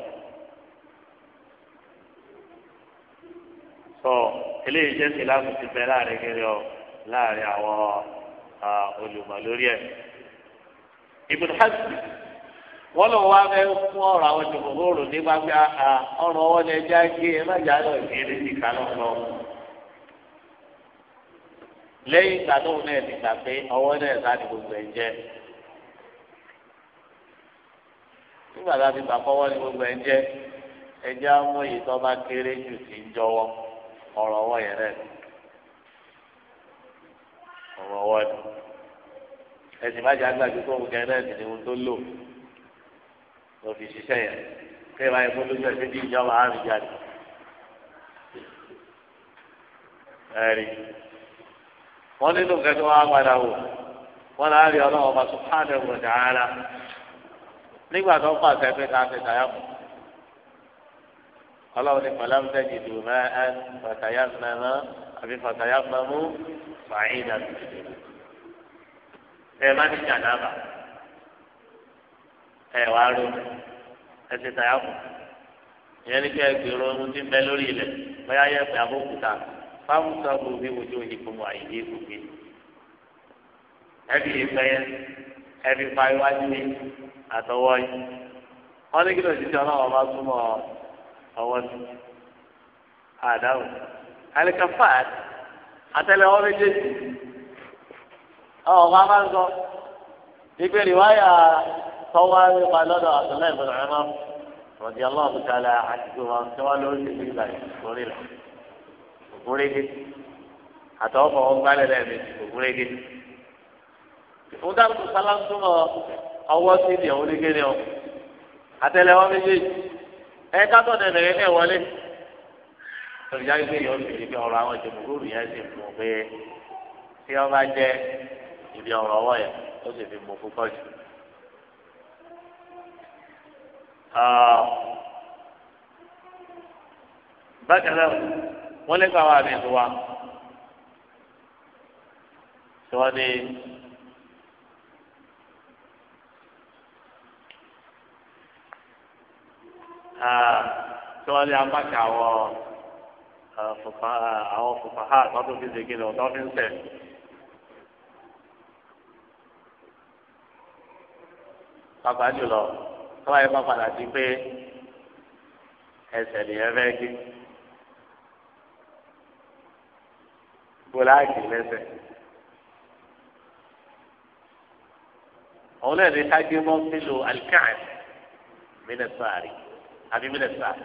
sọ eléyìí jẹ́ sí láàbù ti bẹ láàrin kiri ọ láàrin àwọn olùmọ̀ lórí ẹ̀. Ibn Hazm wọ́n lọ wá fẹ́ fún ọ̀rọ̀ àwọn jòkòrò nípa pé ọ̀rọ̀ ọwọ́ ni ẹja gé ẹ má jà lọ ìgbéró ti kà lọ́kọ̀ọ́ lẹ́yìn ìgbà tóun náà ti gbà pé ọwọ́ náà sá ni gbogbo ẹ̀ jẹ́ nígbà tá a ti gbà kọ́wọ́ ni gbogbo ẹ̀ jẹ́ ẹjẹ́ àwọn èyí tó bá kéré jù sí ń jọwọ́ ọ̀rọ̀ ọwọ́ yẹn rẹ̀ ọ̀rọ̀ ọwọ́ ni ẹ̀sìn má jẹ́ àgbàdo tó ń náà sì ni ohun tó lò lọ́ fi ṣiṣẹ́ yẹn kẹ́ẹ̀ báyìí kó lójú ẹ̀sìn bí ìjọba àrùn jáde ẹ̀rí. wọ́n nínú kẹ́kẹ́ wọn padà wò wọ́n náà rí ọlọ́wọ́ bá subhanahu wa ta'ala nígbà tó ń pàṣẹ pé ká ṣe tàyà mọ́ ọlọ́wọ́ ní pẹ̀lú àwọn mẹ dùn mẹ́ ẹ fàtàyà mẹ́mọ́ àbí fàtàyà mẹ́mú fàáyìn náà ẹ má ní jàǹdàbà ẹ wá rú ẹ ṣe tàyà ìyẹn ní kí ohun tí ń bẹ lórí bóyá fáwùsàbù bí wojú ìkùn wà ìdí ìkùnkè ẹbí ìfẹyẹ ẹbí fáwájú ní àtọwọ́ yìí wọn ní kí ló ṣiṣẹ́ ọlọ́wọ́ bá súnmọ́ ọwọ́ sí àdáhùn alikafa àtẹ́lẹwọ́ méjèèjì ọ bá máa ń sọ ìpè rìwáyà tọwọ́ nípa lọ́dọ̀ àtúnlẹ̀ ìbùdó ẹ̀mọ́ rọ̀díọ́lọ́ọ̀bù tààlà àti gbogbo àwọn tí wọ́n lórí ìgbà yìí lórí rẹ̀ ògúnrégé àtọwọ́fọ̀ ọgbálẹ̀ lẹ́ẹ̀mejì ògúnrégé. ìfúndàkùn sálámtúmọ̀ ọwọ́ sí ni òun nígé ni ọ àtẹ́lẹwọ́ méjèèjì ẹ kátó nẹnẹrẹ náà wọlé olùyá gbé yọ lórí ibi ọ̀rọ̀ àwọn jòmùgúrù yẹn sì mú pé tí wọn bá jẹ ibi ọ̀rọ̀ ọwọ́ yẹn ó sì fi mú púpọ̀ jù bákan náà wọ́n lé káwọn àmì tó wa tí wọ́n ní. tí wọ́n lé apá kan àwọn àwọn fòfàhà tọ́tún fi ṣe kíni ọ̀tọ́ fi ń sẹ̀. pàpà jùlọ tọ́wọ́ yẹn bá padà sí pé ẹsẹ̀ nìyẹn fẹ́ kí. kó láàgì lẹ́sẹ̀. àwọn náà ní kájí mọ́ sílò alikáàn mínísàárì àbí mínísàárì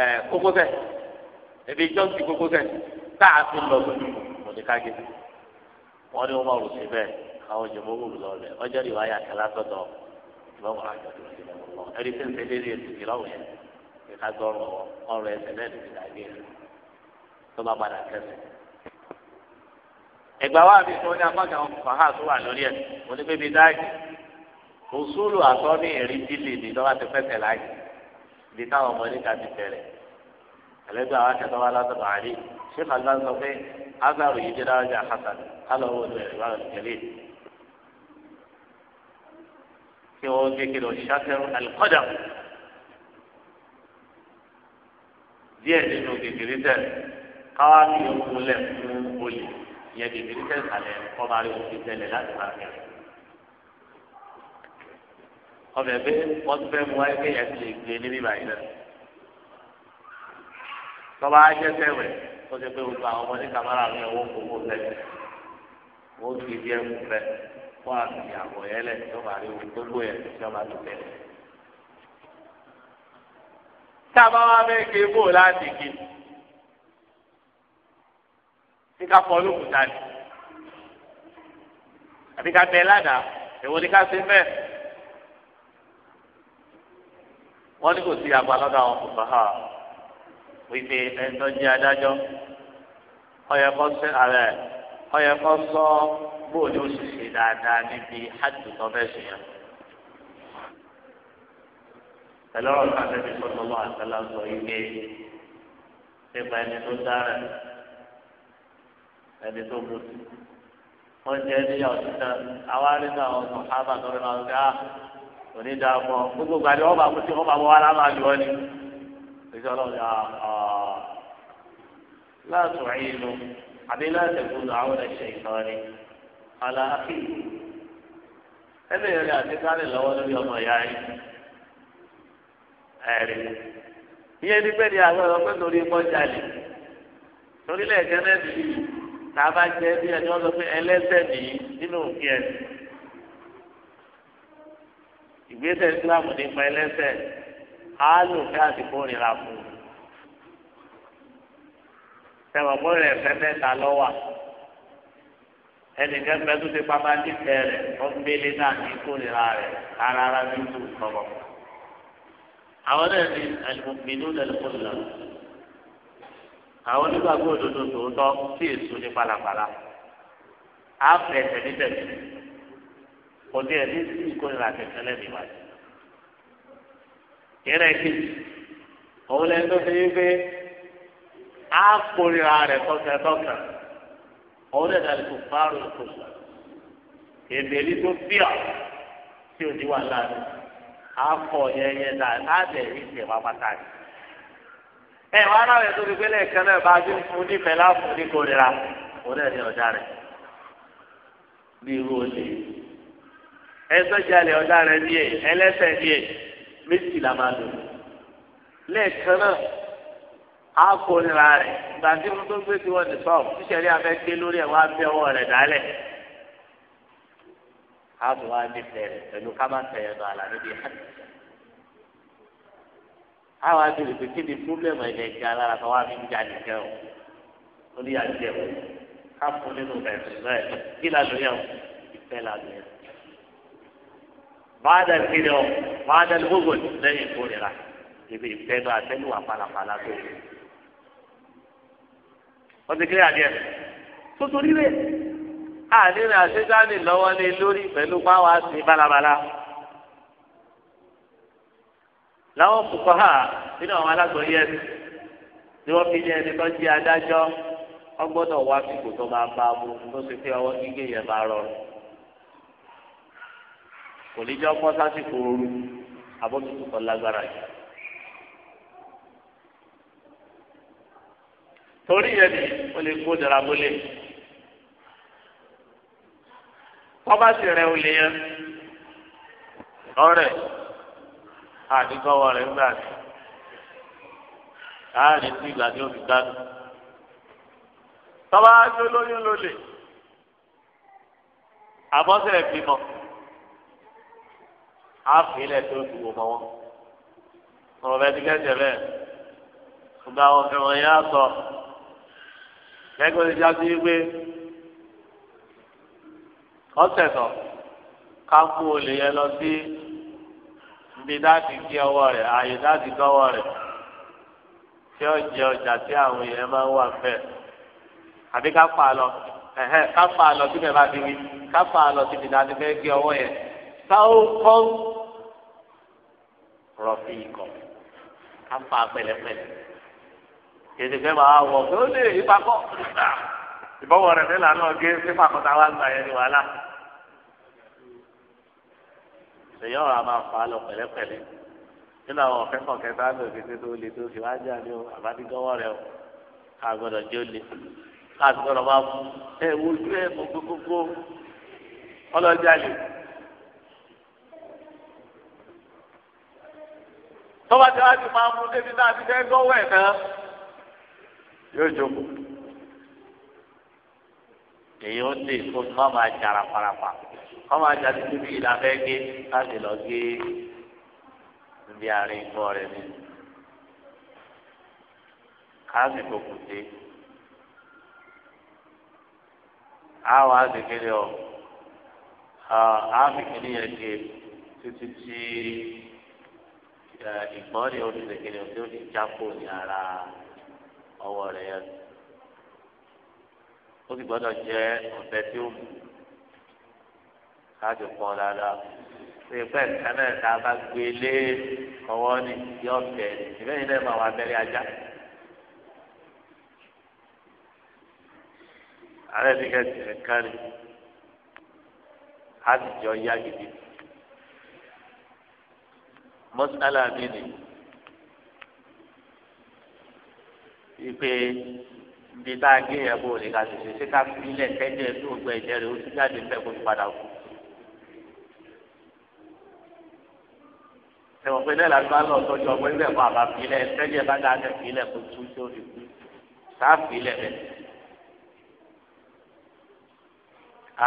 ẹ̀ kókósẹ̀ ẹ̀bí jọ́ǹtì kókósẹ̀ tá a fi lọ sójú mọ̀ ní kájí wọ́n ní wọ́n máa àwọn jẹ̀mọ́ wò lọ rẹ̀ ọjọ́ ìwà yà kẹlá sọ̀tọ̀ ìwọ́n àjọ tó ti lọ́wọ́ ẹ̀rí tí ń ṣe lérí ètò yẹn kí gbọ́ ọ̀rọ̀ ẹ̀sẹ̀ náà ti dàgbé rẹ̀ tó bá padà kẹsẹ̀. ẹgbà wa mi tó ní apákan àwọn fàhà tó wà lórí ẹ̀ mo ní bébí dáàgì òṣùlù àtọ́ ní èrí dìlì ní lọ́wọ́ ti fẹsẹ̀ láàyè ibi táwọn ọmọ oníkà ti bẹ̀rẹ̀ ẹlẹ́gbẹ́ àwọn akẹ́kọ̀ọ́ wa látọ̀dọ̀ àlè ṣé kàlùbá sọ pé azaru yìí dé dáwọ́jà hasan kálọ̀ owó ló ẹ̀rọ àwọn ìjẹ̀lẹ̀ kí wọ́n gé kí lọ ṣàtẹ̀rù alikọ́dà díẹ̀ nínú kékeré tẹ̀lé káwá ní ìyókù lẹ̀ fún oyè yẹ bèbè ní sẹ́yìn kalẹ̀ ọba rẹ̀ òfin tẹ̀lẹ̀ láti máa kẹrẹ̀. ọbẹ̀ bí wọ́n ti fẹ́ mú wáyé pé yẹn ti lè gbé níbí báyìí náà. tọ́ba ajẹ́ sẹ́wẹ̀ ó ti pé gbogbo àwọn ọmọdé kamara rẹ̀ wọ́n kókó sẹ́yìn wọ́n fi bí ẹ̀kú fẹ́ wọ́n á fi àbọ̀ yẹn lẹ̀ tọ́ba òfin gbogbo yẹn tí ọba ti tẹ̀lẹ̀. tábà wá bẹ́ẹ̀ ké láti kí bí ká fọ olókùúta ni àbí ká bẹ ládàá èwo ni ká ṣe bẹ́ẹ̀ wọ́n ní kò sí àgbà lọ́dọ̀ àwọn kòkòrò ha wípé ẹnitọ́ jẹ́ adájọ́ ọyẹ kọ́ sẹ́ ààrẹ ọyẹ kọ́ sọ bóòlù òṣìṣẹ́ dáadáa níbi hajj tó fẹ́ sùn yẹn. ẹlọ́rọ̀ kan lẹ́bi sọ́dọ̀ àtàlà sọ yìí pé nípa ẹni tó dára ẹni tó mú sí wọn jẹ níyà òtítà àwárí náà wọn sọ hábà tó lọ sí à onídàámọ gbogbo ìgbà ni wọn bá mú sí wọn bá mú wa láwọn àjọ ni ìjọ Ọlọ́run yà á láti rìn inú àbí láti gbọ́dọ̀ àwọn ẹṣẹ ìtọrin aláàfin ẹni rẹ àti kárẹ lọ́wọ́ lórí ọmọ ìyá yìí ẹrí ìyẹn ní pẹ́ẹ́ni àwọn ọ̀pẹ́ torí mọ́jà lè torí lẹ́ẹ̀kẹ́ náà ti yìí tàbá jẹ bí ẹni wọn lọ fún ẹlẹ́ṣẹ̀ nìyí nínú òfin ẹ ìgbésẹ̀ islam nípa ẹlẹ́ṣẹ̀ á lò fẹ àsìkò ìrìnà fún un tẹwọn bọ rẹ fẹ mẹ́ta lọwà ẹnìkan fẹ tó ti pamá nífẹ rẹ ọmọbìnrin náà ní ìkórìíra rẹ rárá nínú ìkọbọ àwọn náà ní ẹlòmínú lẹlòmínú lọ àwọn onígbàgbọ́ òdodo tòótọ́ sí èso ní palapala á fẹ́ ẹsẹ̀ níbẹ̀ kò dé ẹ̀ ní sí ìkórira kẹ̀kẹ́ lẹ́nu ìwádìí. ìrẹ́ kejì òun lẹ́nu tó ṣe wípé á kórira rẹ̀ tọ́kẹ̀tọ́kẹ̀ òun lẹ́nu àti kò fárò kò sọ èbèlí tó bíà tí ò ní wà láàrin á kọ̀ yẹ́yẹ́ dáa á bẹ̀ rí ìṣẹ̀wá pátá yìí ẹ wà á náwó ẹtọ́ gbígbé lẹ́ẹ̀kan náà bá a ti ń fún nífẹ̀ẹ́ láàfún ní kórira òun náà ní ọ̀dà rẹ̀ bí irú olè ẹsọ jalè ọ̀dà rẹ̀ díẹ̀ ẹlẹ́sẹ̀ díẹ̀ méjì la máa lò lẹ́ẹ̀kan náà á kórira rẹ̀ ìgbà tí mo tó gbé tiwọn ní sọ́ọ̀ tíṣẹ̀rí afẹ́ gbé lórí ẹ̀ wá bí ọwọ́ rẹ̀ dálẹ̀ á tún wá nífẹ̀ẹ́ rẹ̀ pẹ̀lú ká má lọ àwọn abiri pé kí ni pírọ́blẹ̀mù ẹ̀jẹ̀ ìjà alára kan wá fi ń jáde kẹ́ o lórí àjẹ o ká fún nínú ẹ̀sùn náà kí la lóye o ìfẹ́ la lóye o. báàdà kiri o báàdà gbogbo lẹ́yìn ìkórira ibi ìfẹ́ náà àtẹ́lùwà pàlàpàlà tó. wọ́n ti kílẹ̀ àdìẹ tuntun rírẹ̀ àdìrẹ̀ àti sáni lọ́wọ́ ní lórí pẹ̀lú báwa sí balabala. láwọn kòkó ha, nínú àwọn alágbọ̀nyé ẹ̀sìn tí wọ́n fi ẹni tó jẹ́ adájọ́ ọgbọ́dọ̀ wá fìkò tó máa bá a mú tó ṣe pé ọwọ́ gígé yẹn kò ní jẹ́ sásìkò ooru kan lágbára torí yẹn ni lè kó dara mọ́lẹ̀ kọ́ bá àdìgbọ́wọ́ rẹ̀ ńgbà sí káàdì sí ìgbà tí ó fi gbádùn. tọ́ba tó lóyún lólè àbọ̀sẹ̀ bímọ àfilẹ̀ tó dùwò mọ́ wọn. ọ̀rọ̀ bẹ́ẹ̀ ti kẹ́sẹ̀ bẹ́ẹ̀ gbogbo àwọn ọ̀fẹ́ wọn yá sọ lẹ́gbẹ̀ẹ́ ti sí pé ọ̀sẹ̀ tán ká kú olè yẹn lọ sí ibi dáàbì kí ọwọ́ rẹ̀ ààyè dáàbì kọ́wọ́ rẹ̀ tí ó jẹ ọjà tí àwọn èèyàn máa ń wà bẹ́ẹ̀ àbí ká fà á lọ ẹ̀hẹ́ ká fà á lọ síbi ẹ̀ bá ti wí ká fà á lọ síbi dáàbì fẹ́ kí ọwọ́ yẹn táwọn kọ́ rọ̀fì ikọ̀ ká fà á pẹ̀lẹ́pẹ̀lẹ́ kèdè fẹ́ máa wọ̀ pé ó lè ìpakọ́ ìbọ̀wọ̀ rẹ̀ fẹ́ lànà gé fífàkọ́ta wá gbà yẹn ní wàhálà èyí ọ̀rọ̀ a máa fà á lọ pẹ̀lẹ́pẹ̀lẹ́ nínú àwọn ọ̀fẹ́ kọ̀ọ̀kẹ́ tá a lò kété tó le tó fi wá jà ní o rẹ o ká gbọ́dọ̀ jẹ́ olè ká gbọ́dọ̀ máa mú ẹ wojú ẹ mọ gbogbogbò ọlọ́jàlè. tọ́ba tí wàá ti máa mú débi náà ti fẹ́ gbọ́wọ́ ẹ̀ náà yóò jókòó èyí ó dé kó má máa jara parapara ọmọ ajá ti tóbi yìí la fẹ́ gé láti lọ gé níbi àárín ìfọ́ rẹ̀ ni káàsì fòkùn dé àwọn àgbègbè ọ̀ àbìkì nìyẹn gé títí tí ìgbọ́n ni olùdókèrè tí ó ti jápò ní ara ọwọ́ rẹ̀ yẹn ó sì gbọ́dọ̀ jẹ́ ọ̀bẹ tí ó mú káàdì pọ̀ dáadáa ìpẹ́ ìkànnì ẹ̀ka bá gbé lé ọwọ́ ni yọ bẹ̀ ìbẹ́ yìí lẹ́nu àwọn abẹ́rẹ́ ajá. ààrẹ ti kẹ́sì ẹ̀ka rí a sì jọ yá gidi. mọ́sálà mi ni ìpè ibi tá a gé yẹn bó o lè ṣe ṣe ká fi ilẹ̀ kẹ́jẹ́ tó gbẹ ìjẹ́rìí ó ti jáde fẹ́ kó padà kú. ẹ̀wọ̀n pé náà làgbà lọ tọ́jú ọgbẹ́ ńlẹ̀ fún àbá filẹ̀ tẹ́jẹ́ bá dáa tẹ̀ filẹ̀ kó tú tó fi kú tá a bẹ̀.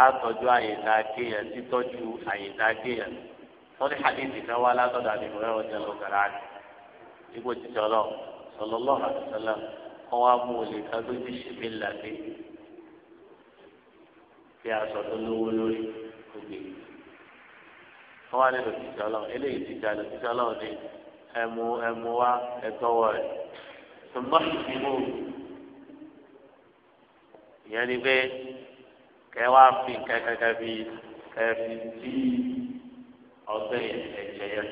a tọ́jú àyèdá kéèyàn títọ́jú àyèdá kéèyàn wọ́n ní hadithi kan wá látọ̀dọ̀ àdìmọ́ ẹ̀rọ jẹ́ lọ gàrà àdì ipò títí ọlọ́ fi aṣọ tó lówó lórí gbogbo wọ́n wá nílò títí ọlọ́run eléyìí títí ọlọ́run títí ọlọ́run ni ẹmu ẹmu wa ẹtọ́wọ́ rẹ̀ ṣùgbọ́n ìdìbò ìyẹn ni pé kẹ́ wá fi kẹ́kẹ́kẹ́ fi kẹ́ fi tí ọgbẹ́ ẹ̀jẹ̀ yẹn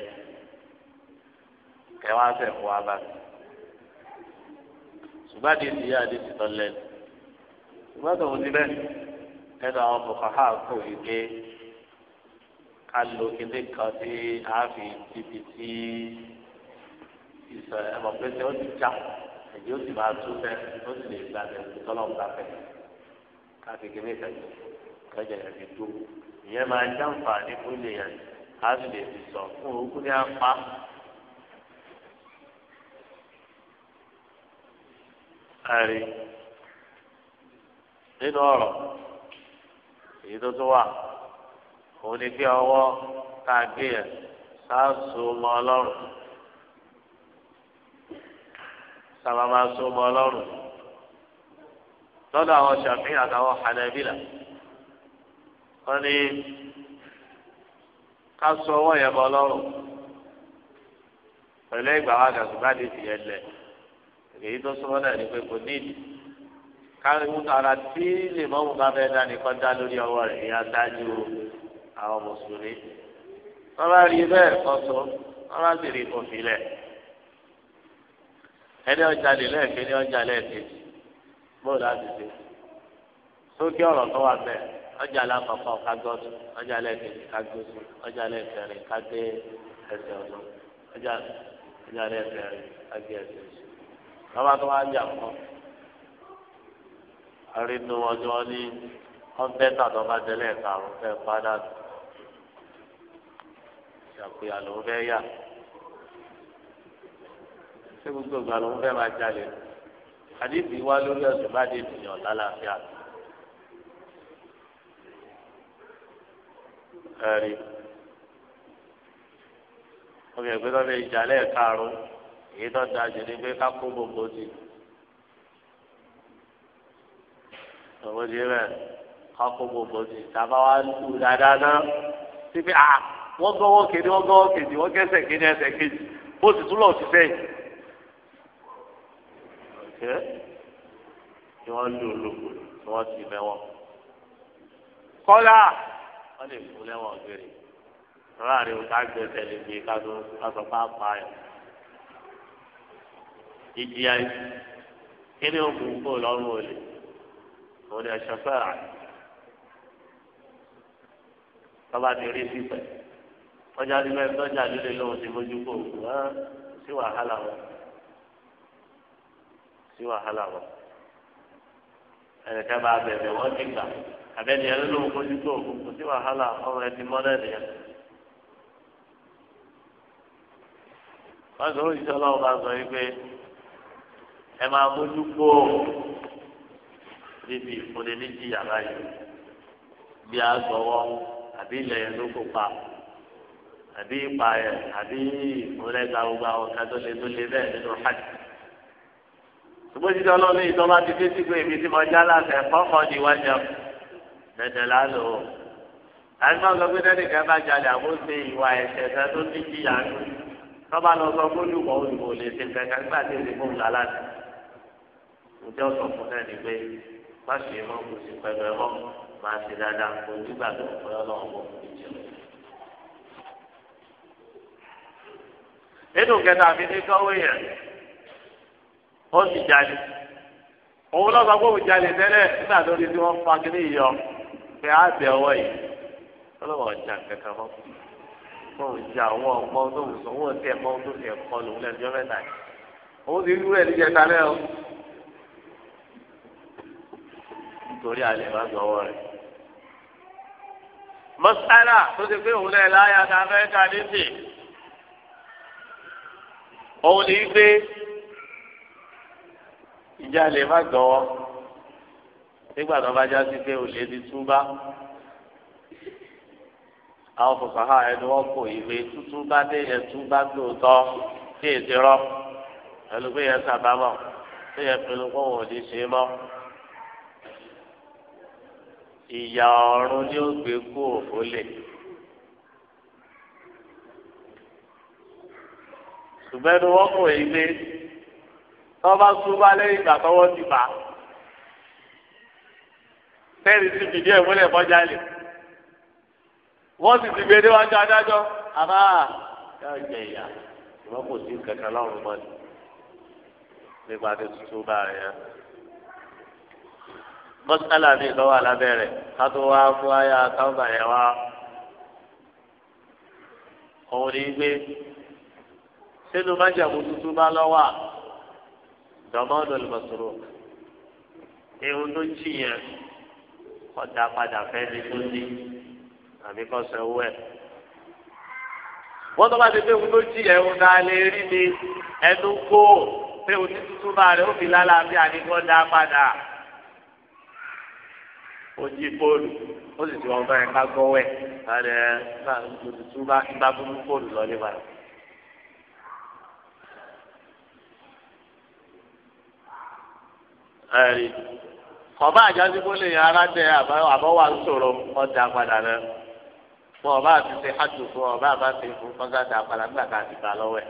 kẹ́ wá sẹ̀ fún wa bá ṣùgbọ́n àdìsí yá àdìsí tọ́lẹ̀ ṣùgbọ́n tòun ti bẹ́ẹ̀ ẹ̀dọ̀ àwọn fòkàhà kò yí pé alo kele kan tí a fi ibi tí ìsọ ẹmọ pété ó ti já èyí ó sì máa tú fẹ ó sì lè gba ẹ tọ́lọ̀ gba fẹ káfí kele kan kẹjẹ ẹ fi tó ìyẹn máa jáǹfà ní kúlẹ̀ yẹn a sì lè fi sọ fún òkú ní apá. ẹ̀rí nínú ọ̀rọ̀ èyí tó tún wà òun ni bí ọwọ́ tá a gbé yẹn sáàsù mọ́ ọlọ́run sábàbà sọ mọ́ ọlọ́run lọ́dọ̀ àwọn Ṣàfi'í àtàwọn Hanabila wọ́n ní ká sọ ọwọ́ yẹn bọ́ ọlọ́run pẹ̀lú ìgbà wa gàtú bá di tìyẹn lẹ̀ èyí tó sọ́wọ́ náà ni pé kò níìdì kárí mú ara tí lè mọ́ mú bá bẹ́ẹ̀ dání kọjá lórí ọwọ́ rẹ̀ ìyá dájú o. àwọn mùsùlùmí wọn bá rí bẹ́ẹ̀ kọsọ wọn bá sì rí òfin lẹ ẹni ọjà lè lẹẹkẹ ní ọjà lẹẹkẹ bóòlù láti ṣe sókè ọ̀rọ̀ tó wà bẹ́ẹ̀ ọjà alákọ̀ọ́kọ́ kágọ́tù ọjà lẹ́ẹ̀kejì kágọ́tù ọjà lẹ́ẹ̀kẹrin kágé ẹsẹ̀ ọ̀nà ọjà ọjà lẹ́ẹ̀kẹrin tó wá ń jà ní tó bá jẹ padà tó. ṣàpèyà ló ń fẹ́ yà ṣé gbogbo ìgbà ló ń fẹ́ máa jalè àdébí wá lórí ọ̀sùn bá dé ènìyàn lálàáfíà ẹ̀rí obìnrin pé lọ́dọ̀ ìjàlẹ̀ karùn-ún èyí tó da jù ní pé ká kó gbogbo sí i òwò ti ká kó gbogbo sí i tàbá wá lù dáadáa náà síbi àá. wọ́n gọ́wọ́ kéde wọ́n gọ́wọ́ kéde wọ́n gẹ́sẹ̀ kéde ẹsẹ̀ kéde ó sì tún lọ sí sẹ́yìn. ṣé ni wọ́n lé olóko ni wọ́n ti mẹ́wọ́n. kọ́lá wọ́n lè fún lẹ́wọ̀n gbére láàrin òkà gbèsè lè gbé kátó kátó pápá yẹn. ìjìyà yìí kí ni òkú kó lọ́rùn olè òun ni ẹ̀ṣọ́ fẹ́ràn tọ́ba ti rí sípẹ̀. ọjà lílo ẹni tọ́jà lílo lóhùn ti mójú kó wọ́n sí wàhálà wọn sí wàhálà wọn ẹnìkan bá bẹ̀rẹ̀ wọ́n ti gbà àbẹ́ni ẹni lóhùn mójú kó kò sí wàhálà ọmọ ẹni mọ́lẹ̀ nìyẹn. wọ́n sọ òṣìṣẹ́ ọlọ́run bá sọ wípé ẹ máa mójú kó níbi ìfúnni níjìyà báyìí bí a gbọ́wọ́ àbí ilẹ̀ yẹn ló kópa àbí ìpààyà àbí ìmúlẹ́gà gbogbo àwọn kan tó lé tó lé bẹ́ẹ̀ nínú hajj. ṣùgbọ́n jíjẹ́ ọlọ́run yìí tó bá ti dé sígbó èmi tí mo já láfẹ̀ẹ́ fọ́fọ́ ni wá jẹun dẹ̀dẹ̀ lálẹ́ o. àgbà sọ pé dẹ́nì kan bá jalè àbó ṣe ìwà ẹ̀ṣẹ̀ kan tó ti jìyà nù. tọ́ba lọ sọ fún olùkọ́ olùkọ́ lè ṣe kankan gbà tí èdè fún ìlà láti. ǹjẹ́ ọ̀sọ̀ fún nínú kẹta àfi ní kọ́wé yẹn ó sì jalè òun lọ́ọ́ sọ pé òun jalè tẹ́lẹ̀ nígbà tó di tí wọ́n fa kí ní ìyọ pé á bẹ ọwọ́ yìí ọlọ́wọ́ ọjà kẹkẹ mọ́ mọ́ òun jà ọwọ́ ọmọ tó wù sọ wọ́n tẹ̀ mọ́ tó tẹ̀ kọ́ lòun lẹ́nu jọ́ mẹ́ta yìí òun ti rú ẹ̀ níjẹta lẹ́ o nítorí àlè má gbọ́ ọwọ́ rẹ̀ mọ́sálà tó ti pé òun lẹ́ẹ̀ láyà tá a fẹ́ ká dé òun ni wípé ìjà lè má gbọ́wọ́ nígbà tó bá já sí pé olè ti túbá àwọn fòkàhà ẹni wọn kò ìwé tútúbá dé yẹn túbá lóòótọ́ tí èsì rọ pẹ̀lú pé yẹn sábàámọ̀ tí yẹn pinnu kó wọn ò ní ṣe mọ́ ìyà ọ̀run ni ó gbé kú òfò ṣùgbọ́n ẹni wọ́n kò yí pé tọ́ba súnmọ́ lẹ́yìn ìgbà tọ́wọ́ ti bà á tẹ́rì sí fìdí ẹ̀ múlẹ̀ kọjá lè wọ́n sì ti gbé déwájú adájọ́ àbá yóò jẹ ìyá ìwọ́n kò sí kankan lọ́rùn mọ́ ni nípa ti tuntun bá rẹ̀ yẹn. mọ́sálà ní ìlọ́wọ́ alábẹ́rẹ̀ ká tó wá fún àyà táwọn bàyẹ̀ òun ní gbé sínú májàmú tuntun bá lọ́wọ́ dọ̀mọ́ lọ́lùmọ̀sọ̀rọ̀ ewu tó jì yẹn ọ̀dà padà fẹ́ ní tó ní àbí kọ́ sọ owó ẹ̀. wọ́n tó bá ti pé ewu tó jì yẹn ewu náà lè rí ni ẹnu kó pé ewu tuntun bá rẹ̀ ó fi bí àdìgbò dá padà. ó jí ó sì ti wọn bá yẹn ká gbọ́ wẹ̀ ẹ̀ ẹ̀ bá tuntun bá gbá fóònù lọ ní ẹ̀rí ọba àjọsí kó lè yàrá dẹ àbọ̀wà sọ̀rọ̀ ọ̀dà padà rẹ fún ọba àti ṣe hàjù fún ọba àbá ṣe fún kọ́ńtà dà padà nígbà tá ti gbà lọ́wọ́ ẹ̀.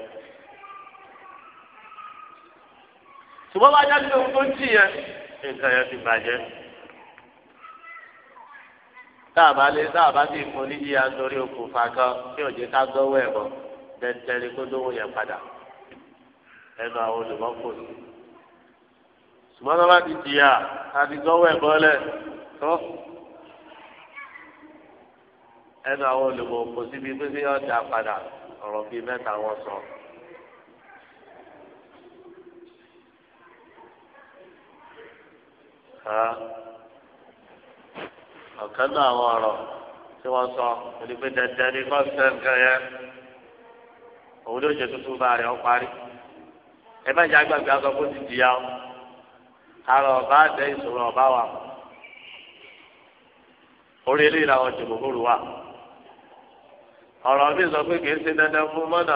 ṣùgbọ́n bá jáde ohun tó ń jì yẹn nǹkan yẹn ti bàjẹ́ táàbà lé táàbà sì fún níyì àtòrí okùnfà kan tí òjì ká gbọ́wọ́ ẹ̀ bọ̀ dẹ́dẹ́rẹ́ kó lówó yẹn padà ẹnu àwọn olùmọ́kò sí ṣùgbọ́n tó bá ti jìyà àti gbọ́wọ́ ẹ̀kọ́ lẹ̀ tó ẹnu àwọn olùkọ́ kò síbi pé kí wọ́n dá padà ọ̀rọ̀ bíi mẹ́ta wọn sọ. ọ̀kan náà àwọn ọ̀rọ̀ tí wọ́n sọ onípe dandan ní kọ́ńtẹ́ nǹkan yẹn jẹ tuntun bá rẹ̀ ọ́ ẹ má jẹ́ àgbàgbé aṣọ kó ti jìyà ọ́ àrò ọba àdé ìṣòro ọba wa orí eléyìí làwọn jòkòkòrò wa ọ̀rọ̀ mi sọ pé kìí ṣe dandan fún mọ́nà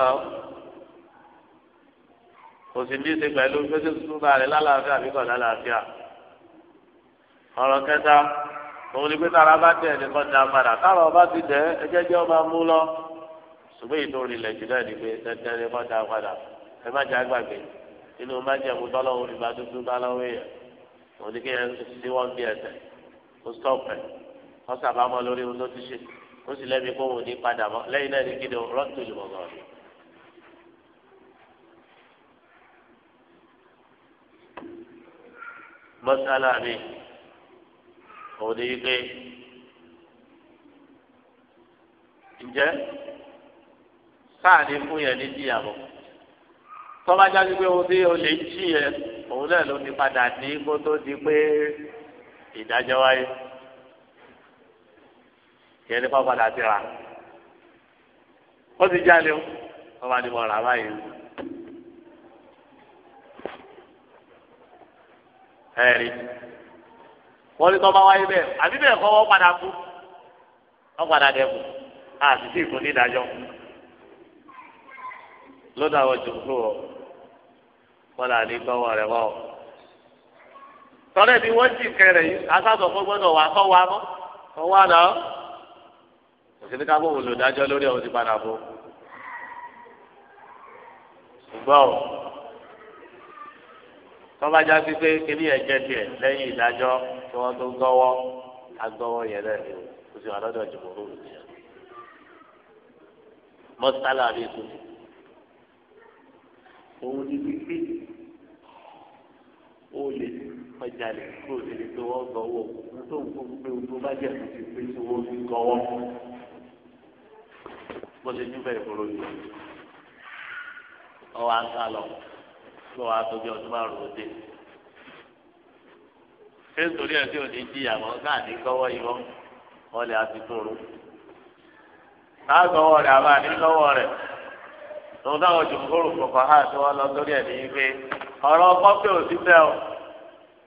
kò sì ní í ṣe pẹ̀lú fẹ́sẹ̀ tuntun bá rẹ̀ lálàáfíà bí kò lálàáfíà ọ̀rọ̀ kẹta òun ni pé tára bá tẹ̀ nìkan dá padà tára ọba ti tẹ̀ ẹjẹ́ jẹ́ ọba mú lọ ṣùgbọ́n èyí tó rinlẹ̀ jù náà ni pé dandan nìkan padà ẹ má jẹ́ àgbàgbé inú má jẹ́ mú tọ́lọ́wọ́ nígbà tuntun bá lọ́wọ́ èèyàn òun ni kéèyàn sí wọn bí ẹsẹ̀ kó stọọpù ẹ kó sàbámọ̀ lórí ohun tó ti ṣe kó sì lẹ́bi kó òun ní padà mọ́ lẹ́yìn náà ní kí ni rọ́tò lè mọ̀ gan ni. mọ́sálà mi òun ni pé ǹjẹ́ sáà ní fún yẹn ní díyàmọ́ tọ́ba jáde pé ohun tí o lè jí yẹ òun náà ló ní padà ní kó tó di pé ìdájọ́ wáyé yẹn ní kó padà ti rà ó ti jáde o wọ́n bá mo rà báyìí. ẹ̀rí wọ́n ní tọ́ba wáyé bẹ́ẹ̀ àbí bẹ́ẹ̀ kọ́ wọ́n padà kú wọ́n padà dẹ̀ àti tí ìfún ní ìdájọ́ lọ́dọ̀ àwọn jòkó rọ̀ kọ́lá ní gbọ́wọ́ rẹ̀ wọ́. tọ́lẹ̀ bí wọ́n jì kẹrẹ̀ yìí asábọ̀ fún gbọ́dọ̀ wà kọ́ wa mọ́ kọ́ wa lọ. òsèlú ká bóun lò dájọ́ lórí ọ̀hún ti padà bó. ṣùgbọ́n o sí pé kíní yẹn jẹ́ tiẹ̀ lẹ́yìn ìdájọ́ tí wọ́n tó gbọ́wọ́ agbọ́wọ́ yẹn náà ni o sì wà mọ́sálà rí ikú òun ni wípé olè ọjàlè kó o lè tó wọ́n gbọ́wọ́ tó ń kó pé o tó bá jẹ́ ti pé tó fi gbọ́wọ́. ṣe yìí ọwọ́ lọ lọ́wọ́ atóbi ọdún márùn-ún òde. ṣé nítorí ẹ̀ tí ò ní jí àmọ́ náà ní gbọ́wọ́ wọ́n lè àti náà gbọ́wọ́ rẹ̀ rẹ̀ táwọn jòkó rò wọ́n lọ o.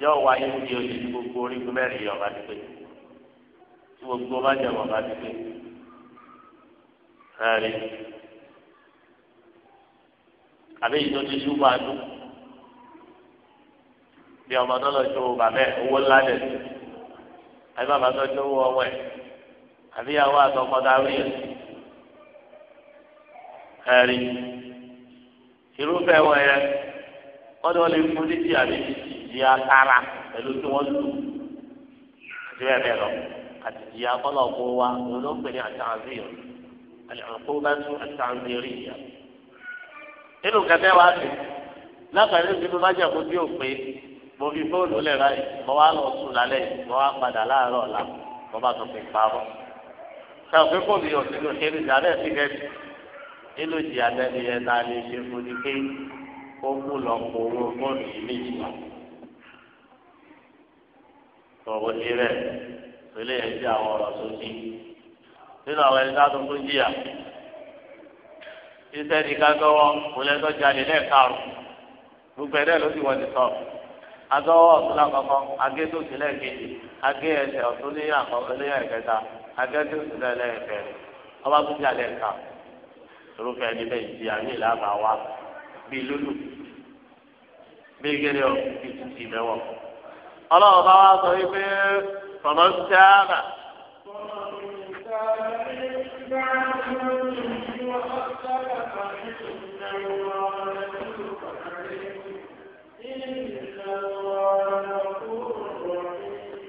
yọ wáyé ní oṣù tí gbogbo orígun mẹ́rin yọ ọba ti pé tí gbogbo ọba jẹ ọba ti pé rẹ́ẹ̀rí àbí ìtọ́jú ṣùgbọ́n adùn bí ọmọ náà lọ tó bàbẹ́ owó ńlá dẹ̀ àbí bàbá tó tó owó ọwọ́ ẹ̀ àbí àwọn àtọkọ́dá rí ẹ̀ rẹ́ẹ̀rí irúfẹ́ wọn yẹn wọ́n ní lè fún títí àbí títí jìyà tara pẹ̀lú tí wọ́n lù àti bẹ́ẹ̀ bẹ́ẹ̀ lọ àti jìyà kọ́lọ̀ kó wa olóògbé ní àtàzíyà àlùkò bá tún àtàzíyà yà. nínú kẹfẹ́ wa sì lápẹ̀lú tí mo bá jẹ́ kó tí ò pé mo fi fóònù lẹ̀ báyìí mo wá lọ sùn lálẹ́ mo wá padà láàárọ̀ ọ̀la mo bá tún fi parọ́. sọ pé kò ní òsì ló kéré sí abẹ́ sí kẹ́sì nínú jìyà tẹ́lẹ̀ yẹn lè ṣe fún ni pé ó mú lọ kó owó fóònù yìí méjì lọ sọ̀rọ̀ ní rẹ̀ pẹ̀lú ẹ̀jẹ̀ àwọn ọ̀rọ̀ tó ní. nínú àwọn ẹ̀ka tó tó jìyà iṣẹ́ ní kágọ́wọ́ kò lẹ́tọ́ jáde lẹ́ẹ̀karùn-ún gbogbo ẹ̀dẹ́ ló sì wọ́n ti sọ. agọ́wọ́ ọ̀tún lákọ̀ọ́kọ́ agé tó sì lẹ́ẹ̀kejì agé ẹsẹ̀ ọ̀tún ní àkọ́kọ́ ní ẹ̀kẹta agé tó sì lẹ́ẹ̀kẹrin ọba tó jáde ẹ̀ka irúfẹ́ ẹni bẹ́ẹ̀ jìyà ní ìlànà wa bíi lulu bíi gẹ́gẹ́ bí tuntun ìbẹ̀wọ̀ ọlọ́run bá wá sọ wípé ọmọ ń sábà.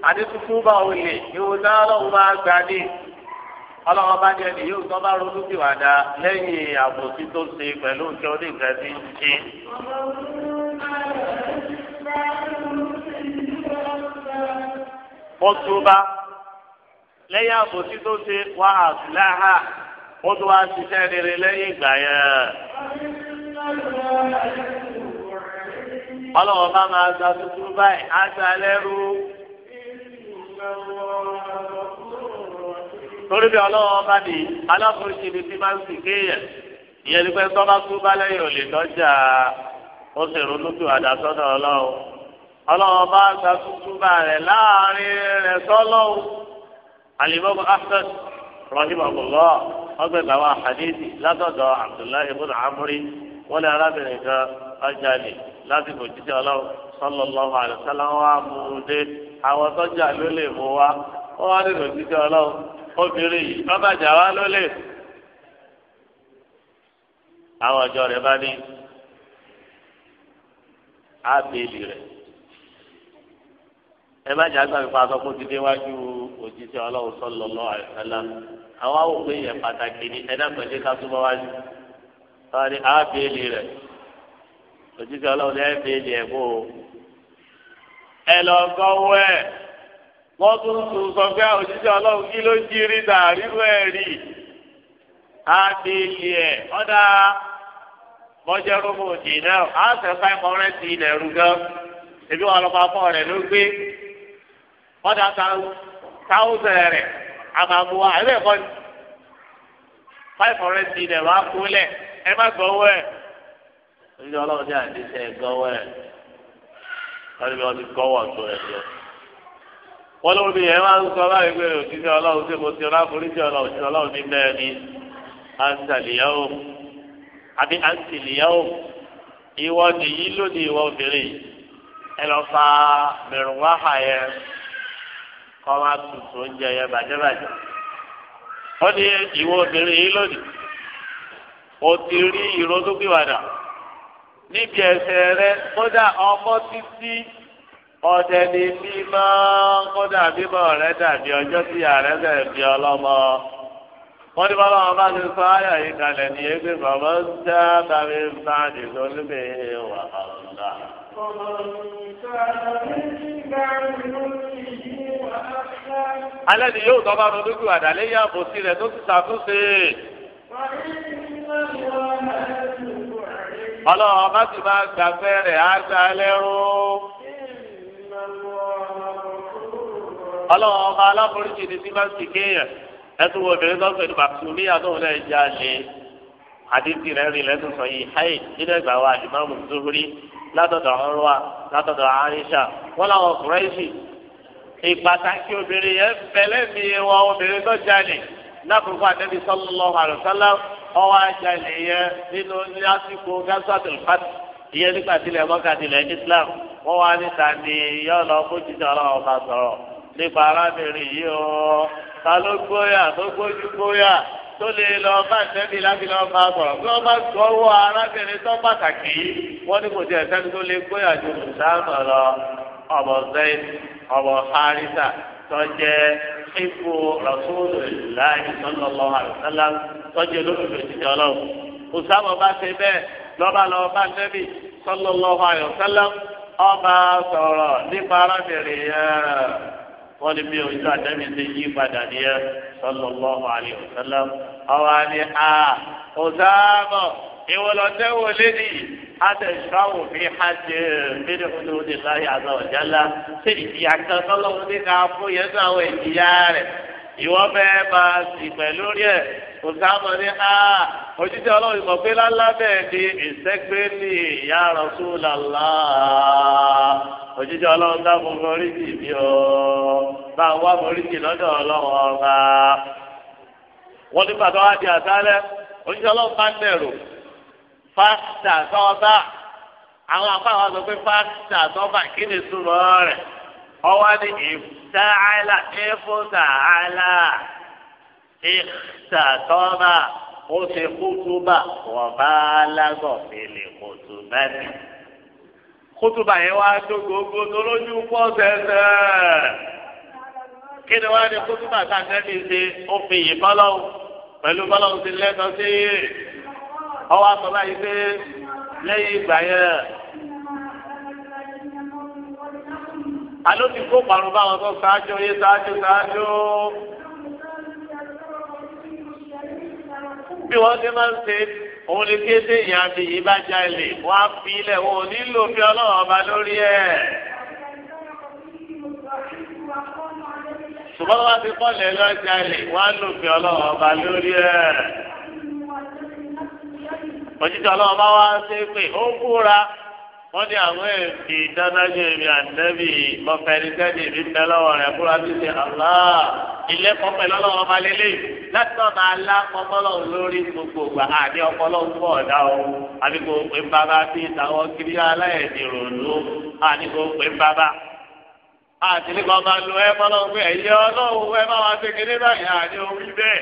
àdétutù bá wò lè ìwò dáná òun máa gbà dé ọlọ́run bá jẹ́ ní yóò tán bá ronú bí wàdà lẹ́yìn àbòsí tó ṣe pẹ̀lú nǹkan onígbà ṣe. mọ́tòbá lẹ́yìn àbòsí tó ṣe wá àtúláhà ó tó wá ṣiṣẹ́ rere lẹ́yìn ìgbà yẹn. ọlọ́wọ́ bá máa gba tuntun báyìí á gba lẹ́rú. torí bí ọlọ́wọ́ bá ní aláforíṣi ni tí máa ń sì kéèyàn ìyẹn ni pé tọ́ba tó bá lẹ́yìn ò lè dọ́jà ó sì ronú bí wàdà sọ́dọ̀ ọlọ́run bá gba tuntun bá rẹ̀ láàrin rẹ̀ sọ́lọ́wọ́ alimọ́bù ahmed rahim látọ̀dọ̀ abdullahi ibn amri wọn ni arábìnrin kan ọjàlè lásìkò jíjẹ́ ọlọ́run sallallahu alaihi wasallam àwọn sọ́jà ló lè mú wa wọ́n wá ọlọ́run obìnrin yìí bábàjá wa ló lè. àwọn ọjọ́ rẹ̀ ẹ má jà gbàgbé pa àtọ́kùn ti déwájú òjíṣẹ́ ọlọ́run sallallahu alaihi wasallam àwọn àwòkọ́ yẹn pàtàkì ní ẹ̀dá pẹ̀lú ká túbọ̀ wájú wọn ni á béèlì rẹ̀ òjíṣẹ́ ọlọ́run ẹ̀ béèlì ẹ̀ bò ó ẹ lọ gọ́wọ́ ẹ̀ wọ́n tún tún sọ pé òjíṣẹ́ ọlọ́run kí ló jí rí dàrí wẹ̀ rí á béèlì ẹ̀ ọ̀dà bọ́jẹ́ rúbù dì náà á sẹ́ fáìmọ́rẹ́sì ilẹ̀ rú gan ebi wọn lọ́ ọ̀dà táwùsẹ̀ rẹ̀ àmàmùwà ẹ̀rẹ́ ẹ̀kọ́ ni five hundred million wà á kú lẹ̀ ẹ má gbọ́wọ́ ẹ̀ ní ọlọ́run ní àdéhùn ẹ̀ gbọ́wọ́ ẹ̀ wọ́n ní wọ́n ti gbọ́wọ́ tó ẹ̀ lọ. wọ́n lóun ní ẹ̀ máa ń sọ báyìí pé òṣìṣẹ́ ọlọ́run tí mo ti rán foríṣẹ́ ọlọ́run òṣìṣẹ́ ọlọ́run ní bẹ́ẹ̀ ni àǹtàlìyàwó àbí àǹtìlìyàwó ìwọ nìyí lónìí ìwọ obìnrin ẹ lọ fa mẹrùnmáhà yẹn kọ́ wá tutù oúnjẹ yẹn bàjẹ́bàjẹ́ ó ní ìwọ obìnrin yìí lónìí o ti rí ìrònúpìwàdà níbi ẹsẹ̀ rẹ kódà ọmọ títí ọdẹ ni mímọ́ kódà mímọ́ rẹ dàbí ọjọ́ tí ààrẹ bẹ̀ bí ọlọ́mọ wọ́n ní bọ́lá wọn bá ti sọ ayọ̀ yìí kalẹ̀ ní ebi bàbá ń dá tàbí bá nìkan níbi wàhálà. ọmọ nǹkan àti ìgbà ìlú yìí alẹ́ ni yóò tọ́ bá ronú ju àdàlẹ́ yá àbòsí rẹ̀ tó ti ṣàtúnṣe. ọlọ́run ọba ti máa gbàgbẹ́ rẹ̀ á gbà lẹ́rú. ọlọ́run ọba aláforíjì ni tí máa ń sìnkè yẹn ẹtù wo obìnrin tó ń pè ní bàtúmí àtọ́wọ́n jẹ́ àṣẹ àdìsí rẹ̀ rìn lẹ́nu sọ yìí háì nínú ẹgbàá wa ìmáàmù Zuhri látọ̀dọ̀ ọ̀rọ̀ wa látọ̀dọ̀ Aisha wọn làwọn ọkùnrin yìí ìpàtàkì obìnrin yẹn bẹ̀lẹ́ mi wọn obìnrin tó jalè lákòókò àtẹ́bí sallallahu alaihi wasallam ọwọ́ yẹn nínú lásìkò gásàtò ìyẹn nígbà tilẹ̀ Islam níta ni yọ lọ ọba nípa arábìnrin yìí ta gbóyà tó gbójú gbóyà tó lè lọ bá àtẹ́bí láti lọ bá sọ̀rọ̀ bí bá arábìnrin tó pàtàkì yìí kò tiẹ̀ sẹ́ni tó lè gbóyà ju ọ̀bọ̀ zayd ọ̀bọ̀ harisa tọ́jẹ́ ibu rasulullahi sallallahu alaihi wasallam tọ́jẹ́ lóṣooṣù ìjọ ọlọ́run usama bá ṣe bẹ́ẹ̀ lọ́ba lọ́ba bá nẹ́bí sallallahu alaihi wasallam ọba sọ̀rọ̀ nípa arábìnrin yẹn wọ́n ní bí ojú àdẹ́mi ṣe yí padà nìyẹn sallallahu alaihi ọba ní a usama ìwọlọ́tẹ́ wo lédi àtẹ̀síwáwò fi hajj mílí olóde láyé àná ọ̀jálá ṣé ìyá kan tọ́lọ́wọ́ ní ká fún yẹn náà àwọn ìyá rẹ̀ ìwọ bẹ́ẹ̀ máa sì pẹ̀lú rí ẹ̀ kò sáàmù ní a òjijì ọlọ́run ìmọ̀ pé lálá bẹ́ẹ̀ ni ìṣẹ́gbẹ́ ní ìyá Rasulullah òjijì ọlọ́run dáàbò foríjì mi ọ́ bá a wá foríjì lọ́dọ̀ ọlọ́run ọba fásità sọ́ọ́bà àwọn afáwọn sọ pé fásità sọ́ọ́bà kí ni túmọ̀ rẹ̀ ọwọ́ ni ìfúsàálà ìfúsàálà ìfúsàtọ́bà ó ti kútúbà wọ́n bá lágọ̀ fèlè kútúbà ni kútúbà yẹn wá tó gbogbo tó lójú pọ́ kí ni wá ní kútúbà tá a nẹ́bi ṣe ó fi yìí bọ́lọ́wọ́ pẹ̀lú bọ́lọ́wọ́ ti lẹ́tọ̀ọ́ sí yìí ọwọ́ àtọ báyìí pé lẹ́yìn ìgbà yẹn alo ti kó parun báwọn tó ṣáájú yé ṣáájú ṣáájú. bí wọ́n ti máa ń ṣe òun ni kéde ìyá mi yìí bá já wọ́n á fi ilẹ̀ wọn ò nílò bí ọlọ́run ọba lórí ẹ̀. ṣùgbọ́n wọ́n ti kọ́ lẹ̀ lọ́jà ilé wọ́n á lò bí ọlọ́run ọba lórí ẹ̀ òjijì ọlọ́run bá wá sí pé ó búra wọ́n ní àwọn èèmì dánájú èmi ànẹ́bì mọ̀fẹ́rìndẹ́nì mi bẹ́ lọ́wọ́ rẹ̀ búra sí ṣe àlá ilé pọ́pẹ́ lọ́lọ́run ọba lélẹ̀ láti ọ̀nà alá pọ́pọ́lọ́run lórí gbogbo ìgbà àdé ọpọlọ́run fún ọ̀dà o àbí kò pé bàbá sí ìtàwọn kiri aláìní ròlú àní kò pé bàbá àtìlẹ́kọ̀ọ́ máa lo ẹ mọ́lọ́run pé ẹ̀yẹ ọlọ́run ẹ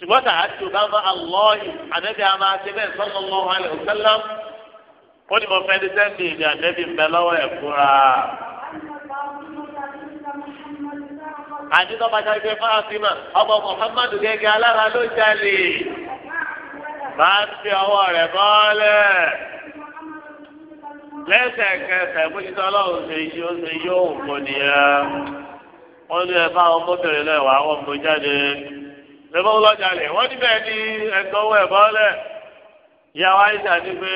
ṣùgbọ́n tà á ti o bá ń bá alọ́ọ̀yì ànábì àmà ṣe bẹ́ẹ̀ sọ́nà lọ́wọ́ alẹ́ òṣèlá ó ní mo fẹ́ ní sẹ́ńdì ìdí ànábì ń bẹ lọ́wọ́ ẹ̀ fúnra. àdínà bàtà ìgbẹ́ fáfimà ọmọ Muhammadu gẹ́gẹ́ alára ló jalè máa ń fi ọwọ́ rẹ̀ bọ́ọ̀lẹ̀ lẹ́sẹ̀kẹsẹ̀ bójútó ọlọ́run ṣe yí ó yí ó wò nìyẹn wọ́n ní ẹ fáwọn mọ́tò lẹ́bọ̀ ọlọ́jà lẹ̀ wọ́n níbẹ̀ ní ẹ̀tọ́wọ́ ẹ̀bọ́ lẹ̀ ìyàwó àyíṣà ní pé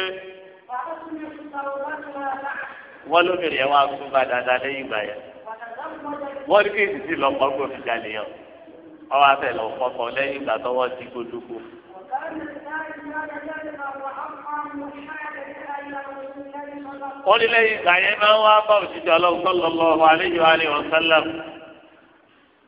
wọ́n lómìnir yẹn wá fún bá dáadáa lẹ́yìn ìgbà yẹn wọ́n ní kí ìdìtì lọ́pọ̀ gbòmí jalè yẹn ọwọ́ àtẹ̀ lọ fọ́fọ́ lẹ́yìn ìgbà tọ́wọ́ ti gbódúgbò. wọ́n ní lẹ́yìn ìgbà yẹn máa ń wá bá òṣìṣẹ́ ọlọ́run sọ́lọ́lọ́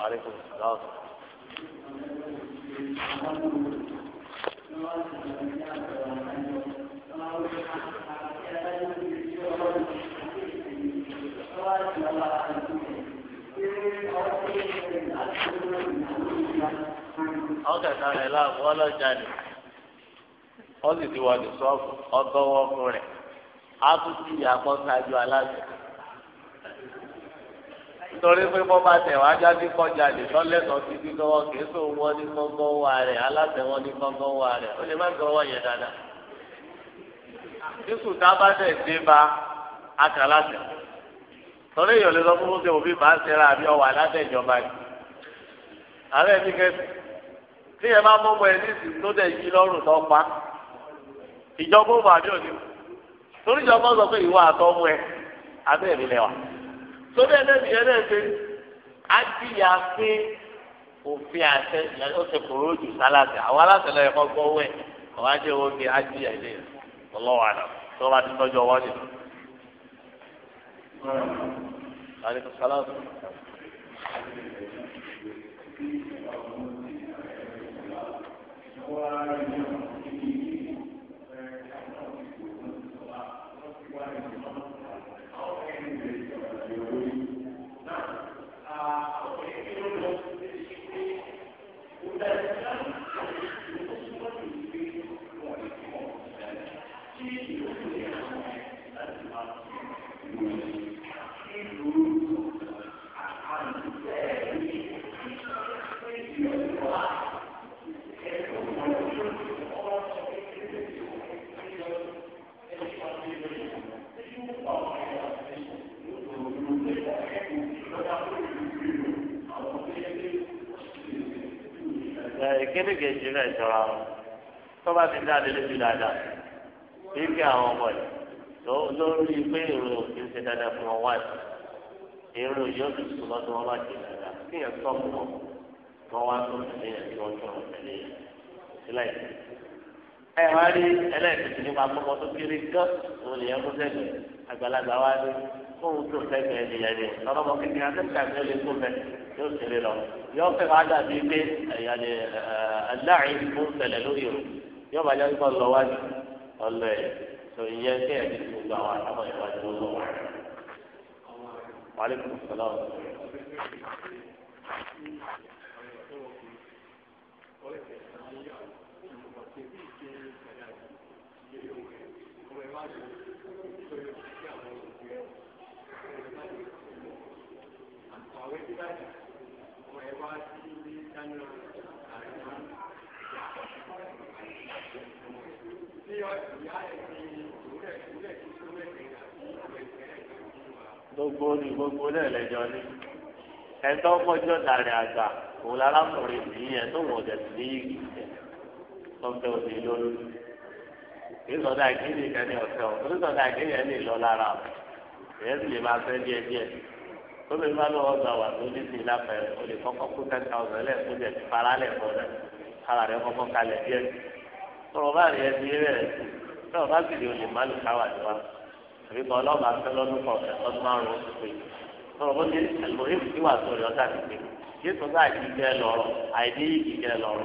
عليكم السلام ورحمة الله ọ̀kẹ́ta rẹ̀ láàbù ọlọ́jà ni ó sì ti wọ̀dù sọ́ọ̀bù ọgọ́wọ́ fún rẹ̀ á tún ti yà kọ́ ṣáájú aláṣẹ. nítorí pé bọ́ bá tẹ̀ wá jáde kọjá lè tọ́ lẹ́tọ̀ọ́ sí bí gọ́wọ́ kìí sóun wọ́n ní gbọ́ngàn wà rẹ̀ aláṣẹ wọn ní gbọ́ngàn wà rẹ̀ ó lè má gbọ́wọ́ yẹn dáadáa. Jésù tá a bá tẹ̀ dé ba akàlàṣẹ. torí èèyàn lè lọ fún oúnjẹ òbí bá ń ṣe ra àbí ọwà aláṣẹ ìjọba yìí. ààrẹ mi kẹ́sì tí yẹn bá mọ́mọ́ ẹ ní ìsìn tó dẹ̀ yí lọ́rùn tó pa ìjọba òmò àbí òní torí ìjọba sọ pé ìwọ àtọ́mú ẹ abẹ́ mi lẹ́wà torí ẹlẹ́bi ẹlẹ́bi adìyà pé òfin àṣẹ ó ti kúrò jù sálàtì àwọn alátẹlẹ ẹkọ gbọwọ ẹ àwọn ajé owó bíi adìyà ilé ọlọ́wà náà tó bá ti tọ́jú ọwọ́ nìyẹn. عليكم السلام why kíní kejì rẹ̀ jọra wọn tó bá ti dáadé lójú dáadáa bíbí àwọn ọmọ yìí lórí pé èrò kì í ṣe dáadáa fún wọn wáyé èrò yóò tún sùn lọ́dún wọn bá ti dáadáa kí yẹn tọ́ mọ́ wọn wá tó tẹ̀lé tí wọ́n tún tẹ̀lé sílẹ̀ yìí ẹ wá rí ẹlẹ́ẹ̀kejì nípa gbọ́mọ tó kéré gán òun lè yẹ kó sẹ́gbẹ̀ẹ́ àgbàlagbà wá ní fóun tó sẹ́gbẹ̀ẹ́ nìyẹn ni lọ́dọ̀ mọ́ kékeré akẹ́kọ̀ọ́ àti ẹlẹ́ tó fẹ́ yóò ṣeré lọ yóò fẹ́ máa dàbí pé ẹ̀yàdì aláàrín tó ń tẹ̀lẹ̀ lórí o yóò bá yẹ kó lọ wájú ọlọ ẹ̀ tó yẹ kí ẹ̀ ti gbogbo àwọn àtàwọn ìwájú lọ wá. gbogbo ni gbogbo náà lẹjọ ni ẹtọ kọjọ dàrí àgbà òun lára mọrin nìyẹn tó wọn dẹ sí ní yìí tó ń bẹ òde lórí kìí sọdá ìkéde kan ní ọ̀sẹ̀ o kìí sọdá ìkéde yẹn lè lọ lára o èyí sì lè máa fẹ́ díẹ̀ díẹ̀ tó lè má lọ́wọ́ gba wà tó ní sí o lè kọ́kọ́ kó ten thousand lẹ̀ kó jẹ̀ fara lẹ̀ bọ̀ náà ara rẹ̀ kọ́kọ́ kalẹ̀ díẹ̀ tọrọ bá rẹ̀ di eré rẹ̀ sí tọrọ bá sì lè o lè má lù káwà ní wa àbí kọ́ ọlọ́ba fẹ́ lọ́dún kọ̀ọ̀kan ọdún márùn-ún ti pè tọrọ bó ti àlùmọ́yé kí wà sórí ọ̀tá ti pè kí sọdá ìkéde lọ́rọ̀ àìdí ìkéde lọ́rọ̀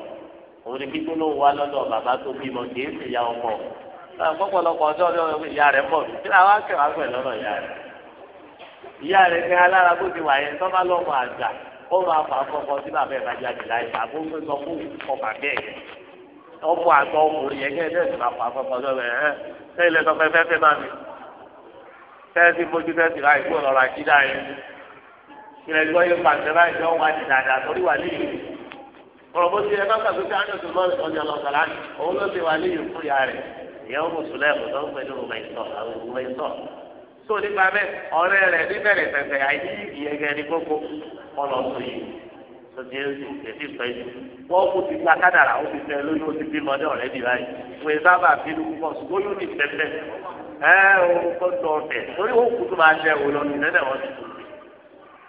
òun ni kíkó ló wà lọ́dọ̀ bàbá tó bímọ kì í sì ya ọkọ̀ Ah, ọ̀pọ̀lọpọ̀ ọjọ́ ọdún ìyá rẹ̀ pọ̀ kí làwọn akẹ́wà pẹ̀ lọ́rọ̀ ìyá rẹ̀ ìyá rẹ̀ ní alára bó ti wà yẹn lọ́mọ àgbà ó máa fà fọkọ sí bàbá ẹ̀ bàjẹ́ àjìlá yẹn àbó ń sọ fún ọkà bẹ́ẹ̀ yẹn ọmọ àgbà ọkùnrin yẹn kẹ́ ẹ̀ máa fà fọkọ sọ bẹ́ẹ̀ sẹ́yìn lẹ́sọ fẹ́ fẹ́ mi tẹ́sí mójú tẹ́sí láì kú ọ̀rọ̀ àkídá yẹn ilẹ̀ ìyàwó mùsùlẹ́mù tó ń pè ní rùmẹ̀tọ̀ àwọn rùmẹ̀tọ̀ tó nípa bẹ́ẹ̀ ọ̀rẹ́ rẹ̀ níbẹ̀rẹ̀ pẹ̀pẹ̀ àyè ìyẹ̀gẹ̀ ni kókó ọlọ́sùn yìí tó ti ń sìn kẹ́sì pẹ́ jù wọ́n kú ti gba kádàrà ó ti fẹ́ lóyún ó ti bímọ ní ọ̀rẹ́ bì báyìí wọ́n sábà bínú púpọ̀ ṣùgbọ́n yóò ní pẹ́pẹ́ ẹ o kò tọ̀ ọ̀tẹ̀ torí ó kú tó máa jẹ òun lọ́nu lẹ́nẹ̀ wọ́n ti tún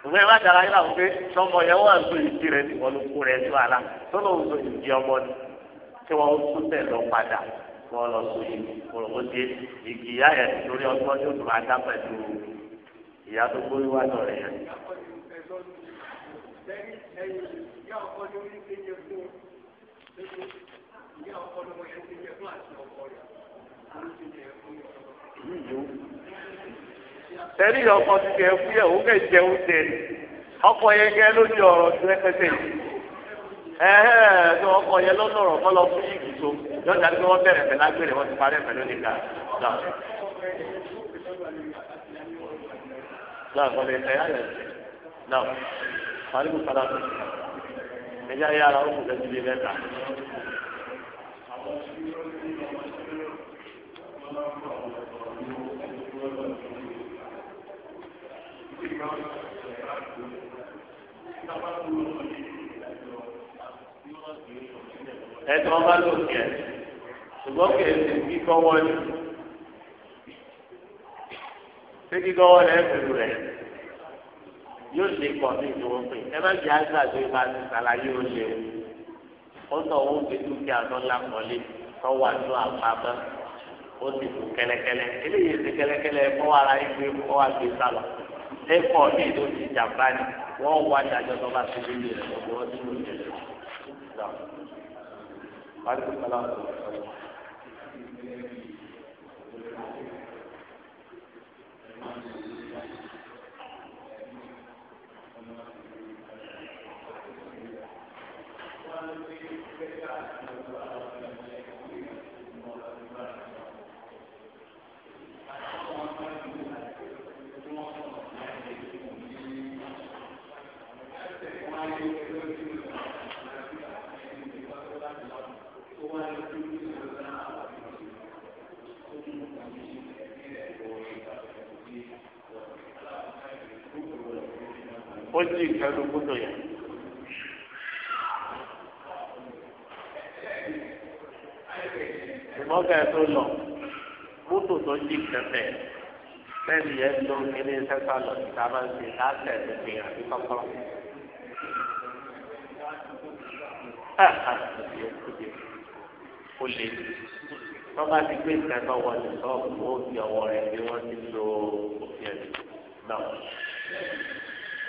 ìwé ẹ̀ má dára yín láwọn pé sọmọ yẹn wà ń sọ ìdí ní ọlọ́kù rẹ sí wàhálà tó lóun sọ ìdí ọmọ ni tí wọ́n tún tẹ̀ lọ padà kó lọ sọ yìí kòròkòtì igi ìyá yẹn lórí ọgbọ́n tó tó máa dá pẹ̀lú ìyá tó gbórí wá tọ̀ rẹ̀ yẹn. Tẹ́lí ọkọ̀ ti jẹ fúyẹ̀ òun kẹ̀ jẹun tẹ̀ ọkọ̀ yẹn gẹ́ lójú ọ̀rọ̀ tó ẹ́ fẹ́ fẹ́ yìí ẹ̀hẹ́ tí kọ yẹn lọ́nọ̀rọ̀ kọ́ lọ fún yìí tó yọjà tí wọ́n bẹ̀rẹ̀ pẹ̀lú agbèrè wọ́n ti parẹ́ pẹ̀lú nìkan náà. náà kọ́ lè tẹ̀yà rẹ̀ náà pariwo kala tó ẹ̀yà yàrá ó kù lẹ́sí ilé mẹ́ta. Thank you. ẹni wọn bá lò kẹ ṣùgbọ́n kẹsì kíkọ́ wọlé ṣé kíkọ́ wọlé ẹ̀fẹ̀ rẹ̀ yóò lè pọ̀ ní ìdúró pé ẹ má jẹ́ àgbàdo ìbá ti ṣàlàyé ó lè ó sọ owó ti dúkìá lọ́la kọ́lé tọ́wọ́ àdó àpamọ́ ó ti fún kẹ́lẹ́kẹ́lẹ́ eléyìí ti kẹ́lẹ́kẹ́lẹ́ kọ́ ara yín pé kọ́ wá gbé sálọ ẹ kọ́ ní ìdó ti jàmbá ni wọ́n wá dájọ́ tó bá ti lé rẹ̀ lọ́wọ́ tí mo lè lọ alaikum salaam tó lọ sọ́yìn. Thank you. ó jí ìkẹlù kúndùn yẹn. ìmọ̀kẹ́ tó lọ mọ́tò tó jí kẹfẹ́ lẹ́nu yẹn tó kíní sẹ́sà lọ síta máa ń ṣe láṣẹ ìpè àti kọ́kọ́rọ́. o lè tọ́ba ti gbé ìtẹ́tọ́ wọlé sọ́ọ̀bù ó fi ọwọ́ rẹ̀ bí wọ́n ti lo òfin ẹ̀ náà.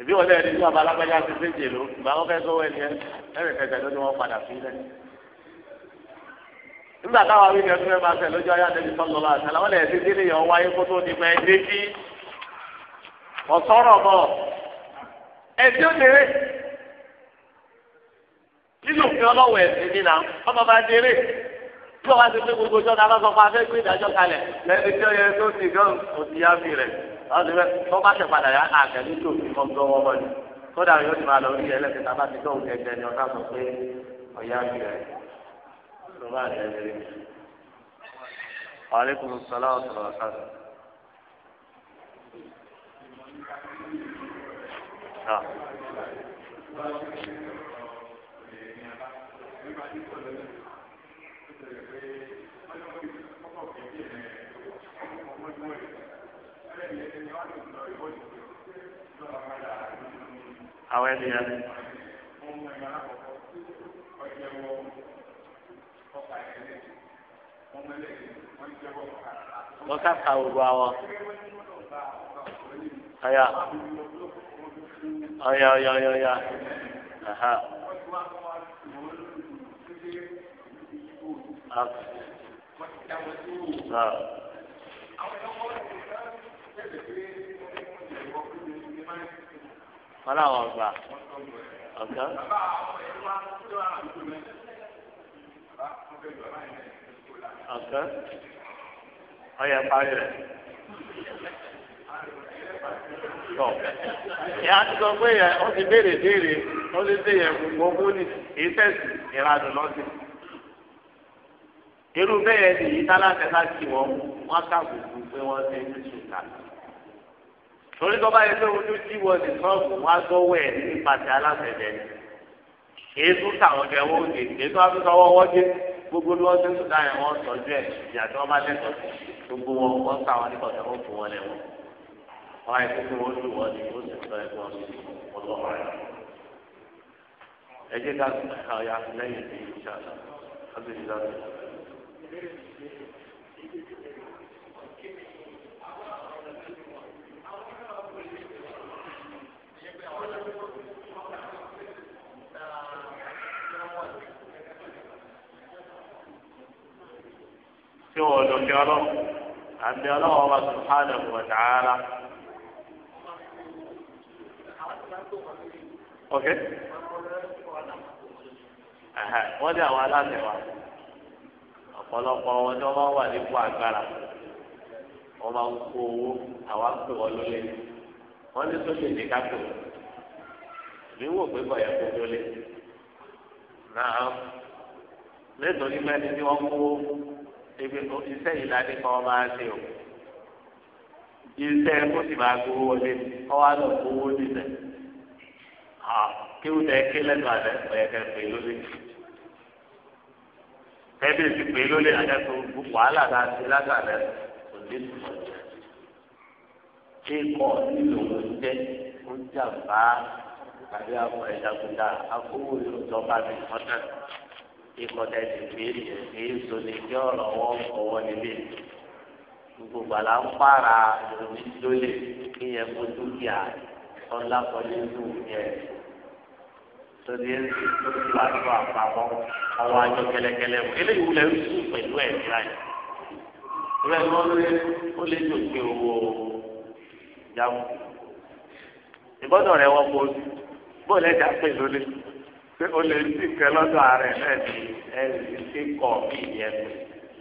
èbí wọlé ẹni tí ọba alágbájá ti séjè ló ìgbà wọn fẹẹ sọwọ ẹni ẹ ẹrẹ kẹsẹ ló ní wọn padà sí lẹ. nígbà táwọn awí ni ẹtúwẹ́ máa fẹ́ lójú ayé àtẹ́jú sọ́nù lọ́la àtàlà wọn lè ti délé yàn wáyé kó tó di pẹ́ dé kí ọ̀sọ́rọ̀ mọ́ ẹ̀sìn òkèrè nínú òfin ọlọ́wọ̀ ẹ̀sìn nínà ọmọ bá dérè tí ọba ti pé gbogbo ìjọba bá sọ fún afẹ́gbé ìdájọ́ kalẹ̀ lẹ́ni tí ó yẹ tó ti gán òsì ọdún tó bá tẹ padà yá àgẹ̀lú tó fi mọ́ gbọ́ wọ́n bọ̀lì kódà yóò ti máa lọ rí ẹlẹ́sìn tá a bá ti dọ̀wọ́ gẹ́gẹ́ ni ọ̀tá sọ pé ọ̀yá mi rẹ̀ ló bá rẹ̀ rẹ̀. aleykum salaam wa rahmatulah. Ah. àwọn ènìyàn. wọ́n ká ka gbogbo àwọn. ọ̀yà ọ̀yà ọ̀yà ọ̀yà ọ̀yà. Ah. Ah wọn làwọn gbà ọ̀gá. ọ̀gá ọ̀yẹ̀ parí rẹ̀ tọ ẹ á ti sọ pé ẹ ọ ti béèrè béèrè ọ ti ṣe gbogbo ní èyí ìradùn lọ́sìn irú bẹ́ẹ̀ ni yìí tálákẹ́ ká kí wọ́n wọ́n kábùkù pé wọ́n ṣe ní ṣùkà. torí tó bá yẹ pé ojú tí wọ́n ti sọ́ọ̀bù wá gbọ́wọ́ ẹ̀ nípasẹ̀ aláfẹ̀dẹ̀ ni. èyí tún táwọn jẹ wọ́n òde èyí tó wá fi sọ́wọ́ wọ́n dé gbogbo ni wọ́n ṣe ṣùkà yẹn wọ́n sọ́jú ẹ̀ ìyàtọ̀ wọn bá lẹ́tọ̀ọ́ gbogbo wọn wọ́n táwọn nípasẹ̀ wọ́n fún wọn lẹ́wọ̀n. wọ́n yẹ tí wọn lò ní ọlọ àti ọlọ́wọ́ wa subhanahu wa ta'ala. ok wọ́n dé àwọn aláṣẹ wa. ọ̀pọ̀lọpọ̀ wọn ni wọ́n máa ń wà nípò agbára wọ́n máa ń kó owó àwa ń pè wọ́n lólè wọ́n ní sókè ní kápò mi wò pé bọ̀ yẹ kó lólè náà nítorí mẹ́ni tí wọ́n kó ebi iṣẹ́ yìí láti kọ́ ọ máa ṣe o iṣẹ́ kó sì máa gbowó wọlé kọ́ wa lọ gbowó nílẹ̀ kéwù tẹ ké lẹ́nu àlẹ́ ọ̀yẹ̀kẹ́ pè lólè ẹbí ti pè é lólè àdẹ́kùn gbogbo wàhálà náà ti lágbàdẹ òní ìtọ́jú kíkọ́ nílò oúnjẹ oúnjẹ àbá tàbí àwọn ẹ̀dàkúndà akówó ìjọba mi kọ́tà kíkọ́ tẹ̀sí pé èyí sọ ní kí ọ̀rọ̀ wọn kọ́wọ́ nílé gbogbo àlà ń pààrà òní lólè kí yẹn kó dúkìá ọ̀la kọ́lé ní yẹn sọdí ẹni àpapọ̀ ọwọ́ àjọ kẹlẹkẹlẹ mu eléyìí wúlẹ̀ ń pẹ̀lú ẹ̀ níra yìí rẹ̀ wọ́n ó lé ní òkè owó jáwó ìgbọ́dọ̀ rẹ̀ wọ́n mọ bóòlù ẹ̀dá pè lólè pé o lè ti kẹ lọ́dọ̀ ààrẹ náà ní ti kọ̀ bí ìyẹn pé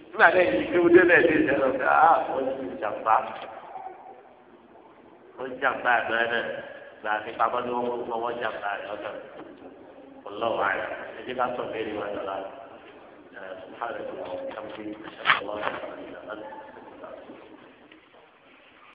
nígbà tí èyí tó débẹ̀ dé ìṣẹ̀lẹ̀ ọ̀gá á ó ti jàmbá ó jàmbá ẹ̀ gbà nípa bọ́dọ̀ wọn jàmbá ẹ̀ الله أعلم الذي لا صبر ولا لا سبحانك اللهم وبحمدك أشهد أن لا إله إلا أنت